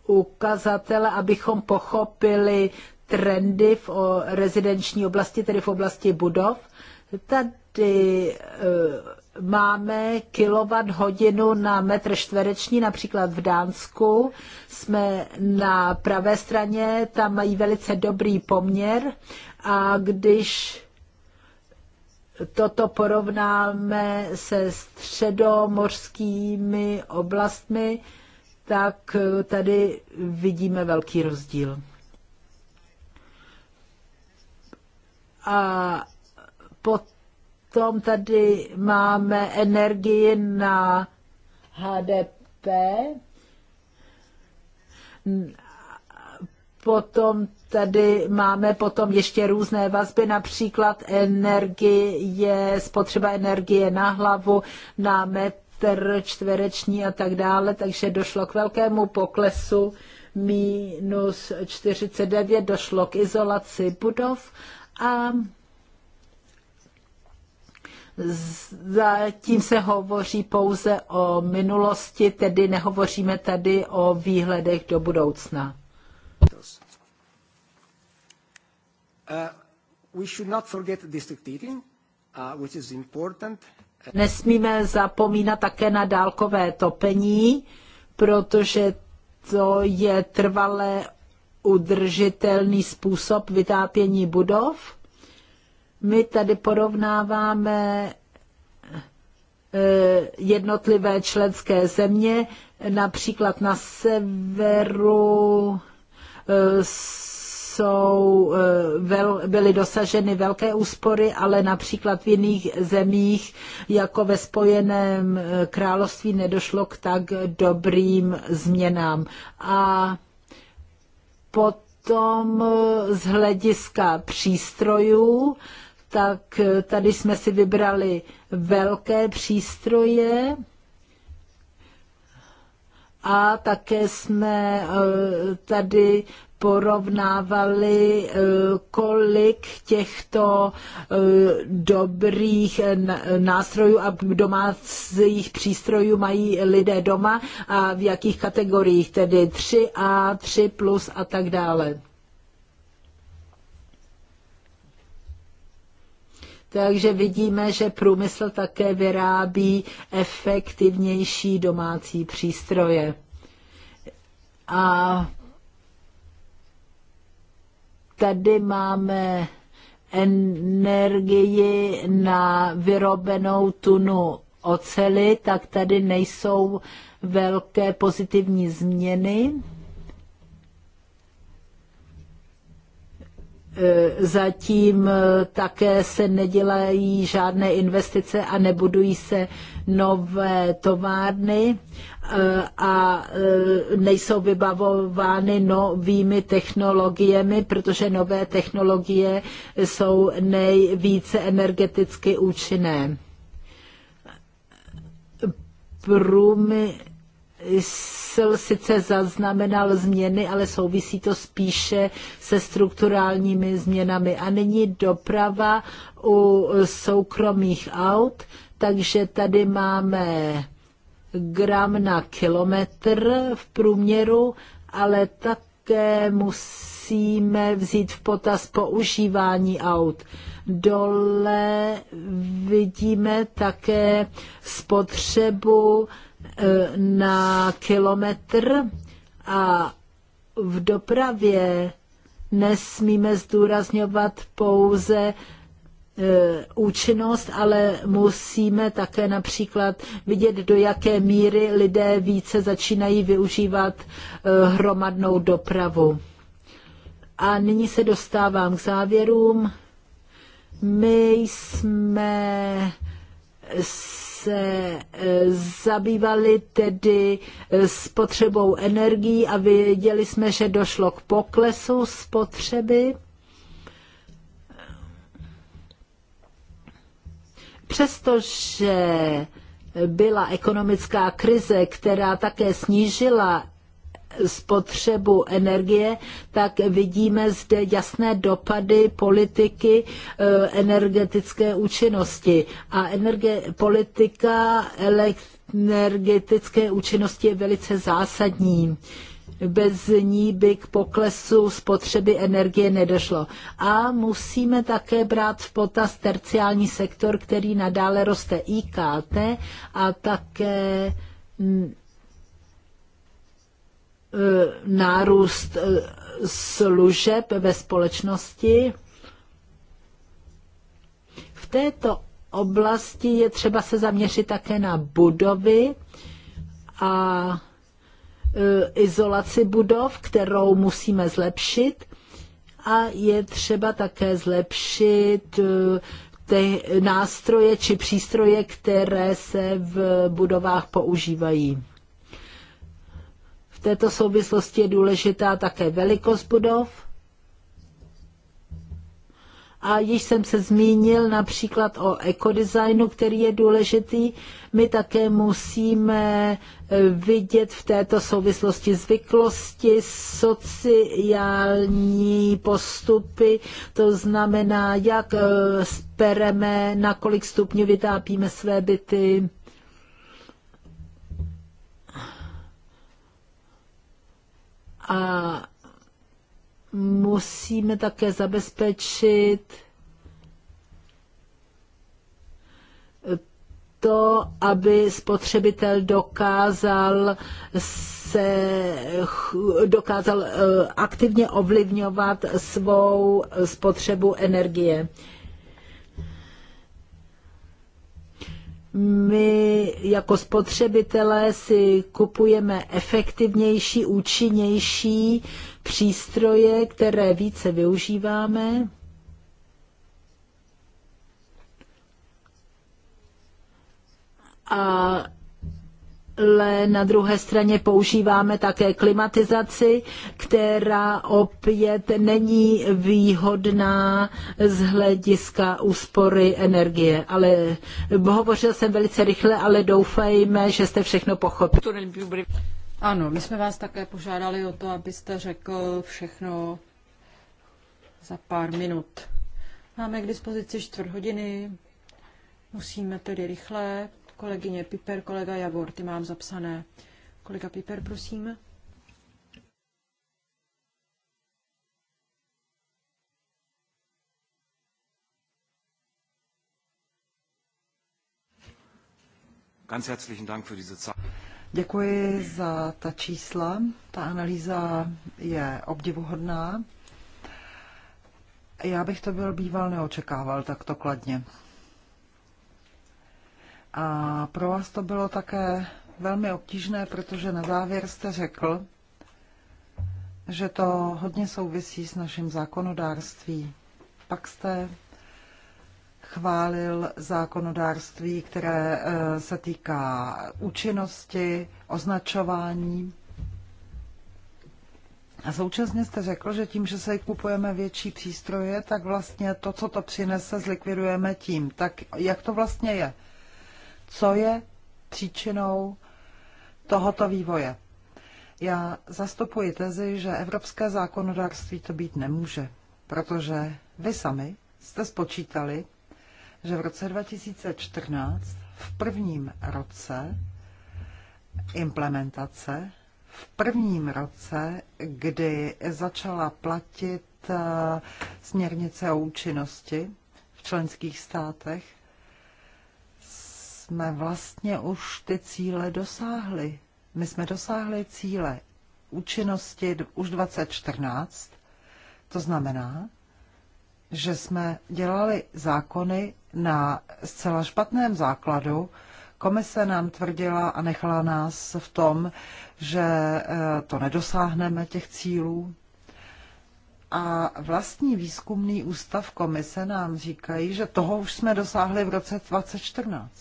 ukazatele, abychom pochopili trendy v rezidenční oblasti, tedy v oblasti budov. Tady eh, máme kilowatt hodinu na metr čtvereční, například v Dánsku. Jsme na pravé straně, tam mají velice dobrý poměr a když toto porovnáme se středomořskými oblastmi, tak tady vidíme velký rozdíl. A potom tady máme energii na HDP. Potom tady máme potom ještě různé vazby, například energie, spotřeba energie na hlavu, na metr čtvereční a tak dále, takže došlo k velkému poklesu minus 49, došlo k izolaci budov a Zatím se hovoří pouze o minulosti, tedy nehovoříme tady o výhledech do budoucna. Uh, we should not forget district heating, uh, which is important. Nesmíme zapomínat také na dálkové topení, protože to je trvale udržitelný způsob vytápění budov. My tady porovnáváme eh, jednotlivé členské země, například na severu eh, jsou, eh, vel, byly dosaženy velké úspory, ale například v jiných zemích, jako ve Spojeném eh, království, nedošlo k tak dobrým změnám. A potom eh, z hlediska přístrojů, tak tady jsme si vybrali velké přístroje, a také jsme eh, tady porovnávali, eh, kolik těchto eh, dobrých nástrojů a domácích přístrojů mají lidé doma a v jakých kategoriích, tedy 3 a 3 plus a tak dále. takže vidíme, že průmysl také vyrábí efektivnější domácí přístroje. A tady máme energii na vyrobenou tunu oceli, tak tady nejsou velké pozitivní změny. E, zatím e, také se nedělají žádné investice a nebudují se nové továrny e, a nejsou vybavovány novými technologiemi, protože nové technologie jsou nejvíce energeticky účinné. Průmy průmysl sice zaznamenal změny, ale souvisí to spíše se strukturálními změnami. A nyní doprava u soukromých aut, takže tady máme gram na kilometr v průměru, ale také musíme vzít v potaz používání aut. Dole vidíme také spotřebu Eh, na kilometr a v dopravě nesmíme zdůrazňovat pouze eh, účinnost, ale musíme také například vidět, do jaké míry lidé více začínají využívat eh, hromadnou dopravu. A nyní se dostávám k závěrům. My jsme se eh, zabývali tedy eh, spotřebou energií a viděli jsme, že došlo k poklesu spotřeby. Přestože byla ekonomická krize, která také snížila spotřebu energie, tak vidíme zde jasné dopady politiky eh, energetické účinnosti. A energie politika energetické účinnosti je velice zásadní bez ní by k poklesu spotřeby energie nedošlo. A musíme také brát v potaz terciální sektor, který nadále roste IKT a také mm, Eh, nárůst eh, služeb ve společnosti. V této oblasti je třeba se zaměřit také na budovy a eh, izolaci budov, kterou musíme zlepšit. A je třeba také zlepšit ty nástroje či přístroje, které se v budovách používají. V této souvislosti je důležitá také velikost budov. A již jsem se zmínil například o ekodesignu, který je důležitý. My také musíme eh, vidět v této souvislosti zvyklosti, sociální postupy, to znamená, jak eh, spereme, na kolik stupňů vytápíme své byty, A musíme také zabezpečit to, aby spotřebitel dokázal se dokázal eh, aktivně ovlivňovat svou spotřebu energie. my jako spotřebitelé si kupujeme efektivnější, účinnější přístroje, které více využíváme. A ale na druhé straně používáme také klimatizaci, která opět není výhodná z hlediska úspory energie. Ale hovořil jsem velice rychle, ale doufejme, že jste všechno pochopili. Ano, my jsme vás také požádali o to, abyste řekl všechno za pár minut. Máme k dispozici čtvrt hodiny, musíme tedy rychle kolegyně Piper, kolega Javor, ty mám zapsané. Kolega Piper, prosím. Ganz herzlichen Dank für diese Zahl. Děkuji za ta čísla. Ta analýza je obdivuhodná. Já bych to byl býval neočekával takto kladně. A pro vás to bylo také velmi obtížné, protože na závěr jste řekl, že to hodně souvisí s naším zákonodárstvím. Pak jste chválil zákonodárství, které e, se týká účinnosti, označování. A současně jste řekl, že tím, že se kupujeme větší přístroje, tak vlastně to, co to přinese, zlikvidujeme tím. Tak jak to vlastně je? co je příčinou tohoto vývoje. Já zastupuji tezi, že evropské zákonodárství to být nemůže, protože vy sami jste spočítali, že v roce 2014, v prvním roce implementace, v prvním roce, kdy začala platit eh, směrnice o účinnosti v členských státech, jsme vlastně už ty cíle dosáhli. My jsme dosáhli cíle účinnosti už 2014. To znamená, že jsme dělali zákony na zcela špatném základu. Komise nám tvrdila a nechala nás v tom, že eh, to nedosáhneme těch cílů. A vlastní výzkumný ústav komise nám říkají, že toho už jsme dosáhli v roce 2014.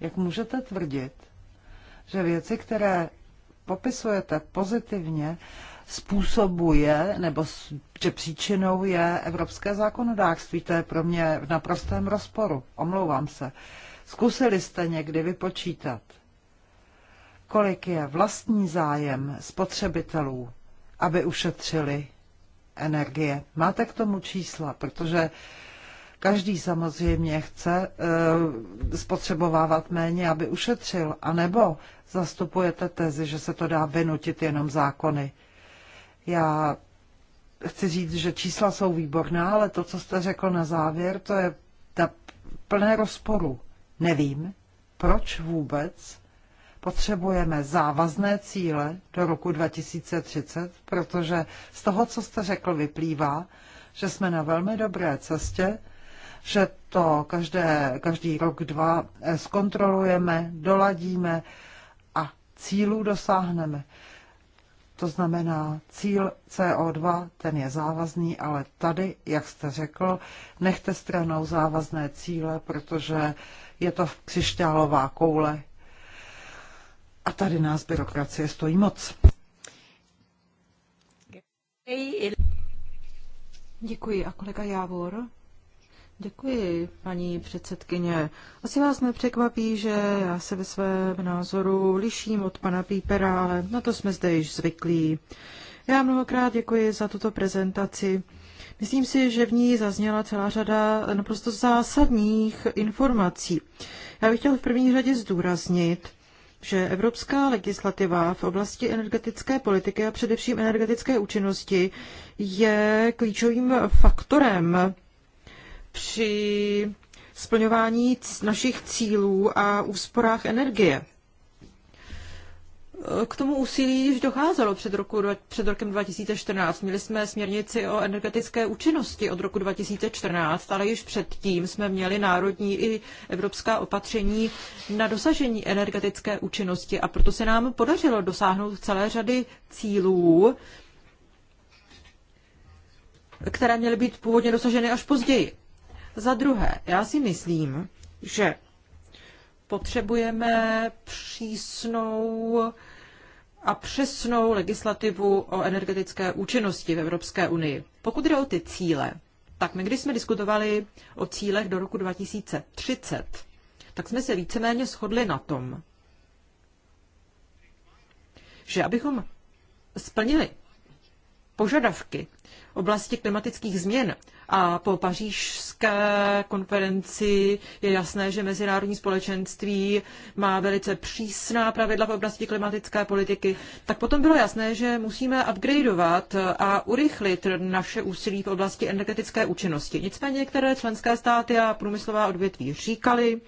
Jak můžete tvrdit, že věci, které popisujete pozitivně, způsobuje, nebo že příčinou je evropské zákonodárství. To je pro mě v naprostém rozporu. Omlouvám se. Zkusili jste někdy vypočítat, kolik je vlastní zájem spotřebitelů, aby ušetřili energie. Máte k tomu čísla, protože Každý samozřejmě chce eh, spotřebovávat méně, aby ušetřil, anebo zastupujete tezi, že se to dá vynutit jenom zákony. Já chci říct, že čísla jsou výborná, ale to, co jste řekl na závěr, to je ta plné rozporu. Nevím, proč vůbec potřebujeme závazné cíle do roku 2030, protože z toho, co jste řekl, vyplývá, že jsme na velmi dobré cestě že to každé, každý rok, dva zkontrolujeme, doladíme a cílů dosáhneme. To znamená, cíl CO2, ten je závazný, ale tady, jak jste řekl, nechte stranou závazné cíle, protože je to křišťálová koule a tady nás byrokracie stojí moc. Děkuji. A kolega Jávor? Děkuji, paní předsedkyně. Asi vás nepřekvapí, že já se ve svém názoru liším od pana Pípera, ale na to jsme zde již zvyklí. Já mnohokrát děkuji za tuto prezentaci. Myslím si, že v ní zazněla celá řada naprosto zásadních informací. Já bych chtěl v první řadě zdůraznit, že evropská legislativa v oblasti energetické politiky a především energetické účinnosti je klíčovým faktorem při splňování našich cílů a úsporách energie. K tomu úsilí již docházelo před, roku, před rokem 2014. Měli jsme směrnici o energetické účinnosti od roku 2014, ale již předtím jsme měli národní i evropská opatření na dosažení energetické účinnosti a proto se nám podařilo dosáhnout celé řady cílů, které měly být původně dosaženy až později. Za druhé, já si myslím, že potřebujeme přísnou a přesnou legislativu o energetické účinnosti v Evropské unii. Pokud jde o ty cíle, tak my když jsme diskutovali o cílech do roku 2030, tak jsme se víceméně shodli na tom, že abychom splnili požadavky oblasti klimatických změn a po pařížské konferenci je jasné, že mezinárodní společenství má velice přísná pravidla v oblasti klimatické politiky, tak potom bylo jasné, že musíme upgradeovat a urychlit naše úsilí v oblasti energetické účinnosti. Nicméně některé členské státy a průmyslová odvětví říkali,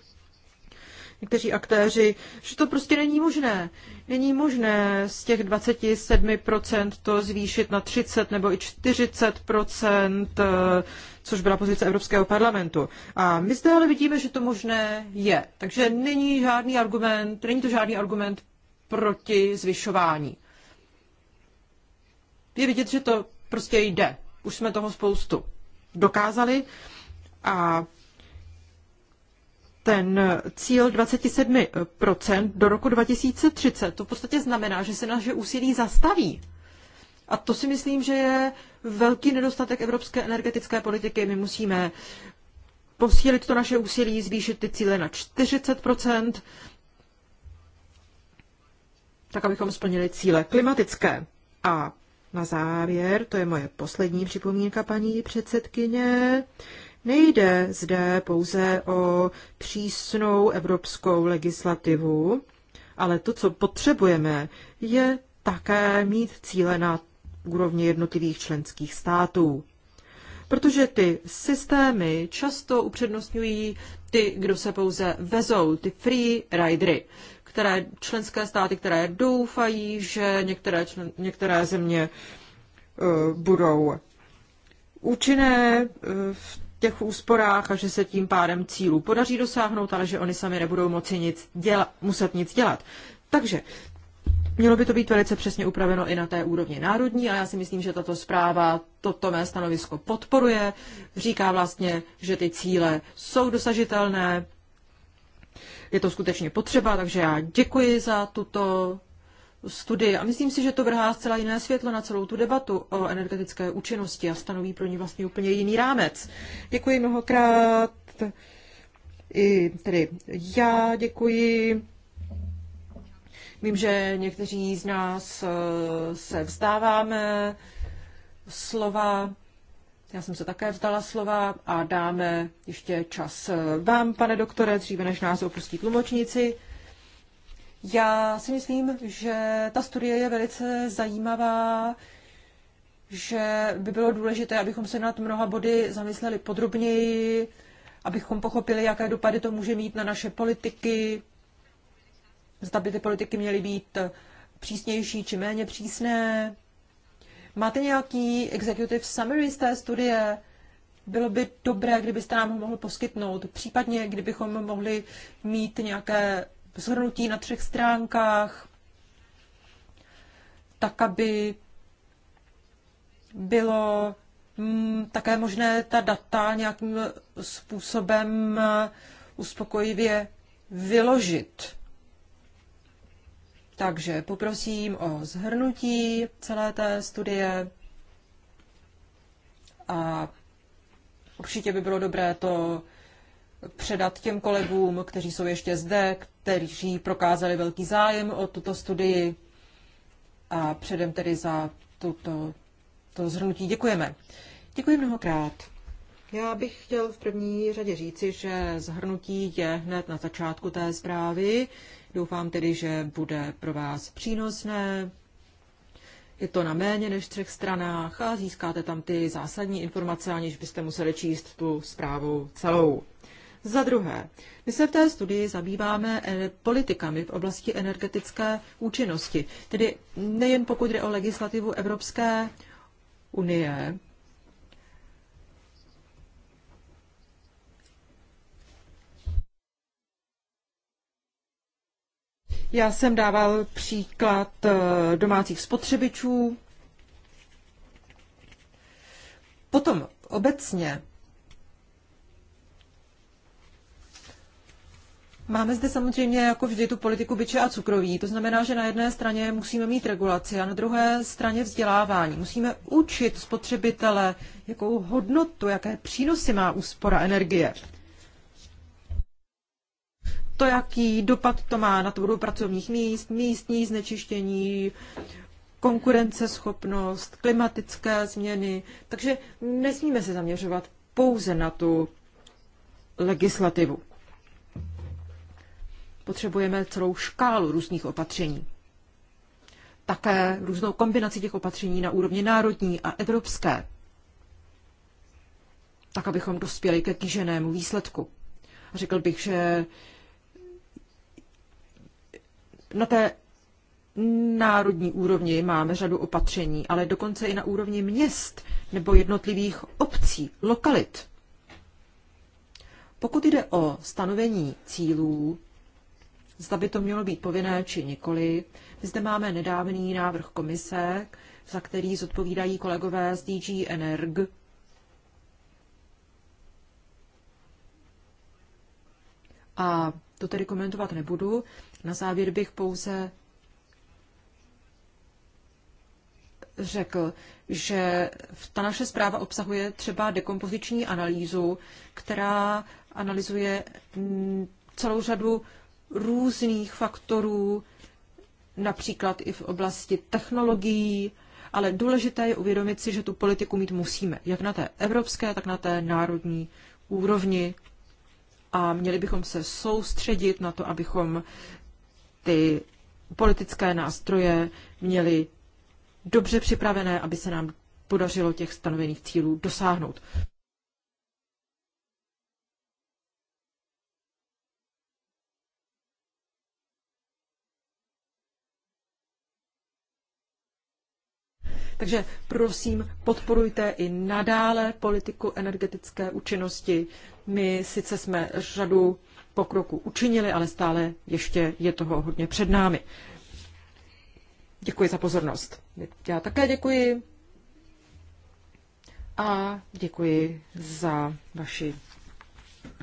někteří aktéři, že to prostě není možné, Není možné z těch 27% to zvýšit na 30 nebo i 40%, eh, což byla pozice Evropského parlamentu. A my zde ale vidíme, že to možné je. Takže není žádný argument, není to žádný argument proti zvyšování. Je vidět, že to prostě jde. Už jsme toho spoustu dokázali a ten cíl 27% do roku 2030. To v podstatě znamená, že se naše úsilí zastaví. A to si myslím, že je velký nedostatek evropské energetické politiky. My musíme posílit to naše úsilí, zvýšit ty cíle na 40%, tak abychom splnili cíle klimatické. A na závěr, to je moje poslední připomínka, paní předsedkyně, Nejde zde pouze o přísnou evropskou legislativu, ale to, co potřebujeme, je také mít cíle na úrovni jednotlivých členských států. Protože ty systémy často upřednostňují ty, kdo se pouze vezou, ty free ridery, které členské státy, které doufají, že některé, člen, některé země uh, budou účinné eh, v těch úsporách a že se tím pádem cílů podaří dosáhnout, ale že oni sami nebudou moci nic děla, muset nic dělat. Takže Mělo by to být velice přesně upraveno i na té úrovni národní a já si myslím, že tato zpráva toto mé stanovisko podporuje. Říká vlastně, že ty cíle jsou dosažitelné, je to skutečně potřeba, takže já děkuji za tuto studii. A myslím si, že to vrhá zcela jiné světlo na celou tu debatu o energetické účinnosti a stanoví pro ní vlastně úplně jiný rámec. Děkuji mnohokrát. I tedy já děkuji. Vím, že někteří z nás eh, se vzdáváme slova. Já jsem se také vzdala slova a dáme ještě čas eh, vám, pane doktore, dříve než nás opustí tlumočníci. Já si myslím, že ta studie je velice zajímavá, že by bylo důležité, abychom se nad mnoha body zamysleli podrobněji, abychom pochopili, jaké dopady to může mít na naše politiky, zda by ty politiky měly být přísnější či méně přísné. Máte nějaký executive summary z té studie? Bylo by dobré, kdybyste nám ho mohl poskytnout, případně kdybychom mohli mít nějaké shrnutí na třech stránkách, tak aby bylo mm, také možné ta data nějakým způsobem eh, uspokojivě vyložit. Takže poprosím o zhrnutí celé té studie a určitě by bylo dobré to předat těm kolegům, kteří jsou ještě zde, kteří prokázali velký zájem o tuto studii a předem tedy za tuto, to zhrnutí děkujeme. Děkuji mnohokrát. Já bych chtěl v první řadě říci, že zhrnutí je hned na začátku té zprávy. Doufám tedy, že bude pro vás přínosné. Je to na méně než třech stranách a získáte tam ty zásadní informace, aniž byste museli číst tu zprávu celou. Za druhé, my se v té studii zabýváme eh, politikami v oblasti energetické účinnosti, tedy nejen pokud jde o legislativu Evropské unie, Já jsem dával příklad eh, domácích spotřebičů. Potom obecně Máme zde samozřejmě jako vždy tu politiku byče a cukroví. To znamená, že na jedné straně musíme mít regulaci a na druhé straně vzdělávání. Musíme učit spotřebitele, jakou hodnotu, jaké přínosy má úspora energie. To, jaký dopad to má na tvorbu pracovních míst, místní znečištění, konkurenceschopnost, klimatické změny. Takže nesmíme se zaměřovat pouze na tu legislativu potřebujeme celou škálu různých opatření. Také různou kombinaci těch opatření na úrovni národní a evropské, tak abychom dospěli ke kýženému výsledku. A řekl bych, že na té národní úrovni máme řadu opatření, ale dokonce i na úrovni měst nebo jednotlivých obcí, lokalit. Pokud jde o stanovení cílů, zda by to mělo být povinné či nikoli. My zde máme nedávný návrh komise, za který zodpovídají kolegové z DG Energ. A to tedy komentovat nebudu. Na závěr bych pouze řekl, že ta naše zpráva obsahuje třeba dekompoziční analýzu, která analyzuje celou řadu různých faktorů, například i v oblasti technologií, ale důležité je uvědomit si, že tu politiku mít musíme, jak na té evropské, tak na té národní úrovni. A měli bychom se soustředit na to, abychom ty politické nástroje měli dobře připravené, aby se nám podařilo těch stanovených cílů dosáhnout. Takže prosím, podporujte i nadále politiku energetické účinnosti. My sice jsme řadu pokroku učinili, ale stále ještě je toho hodně před námi. Děkuji za pozornost. Já také děkuji a děkuji za vaši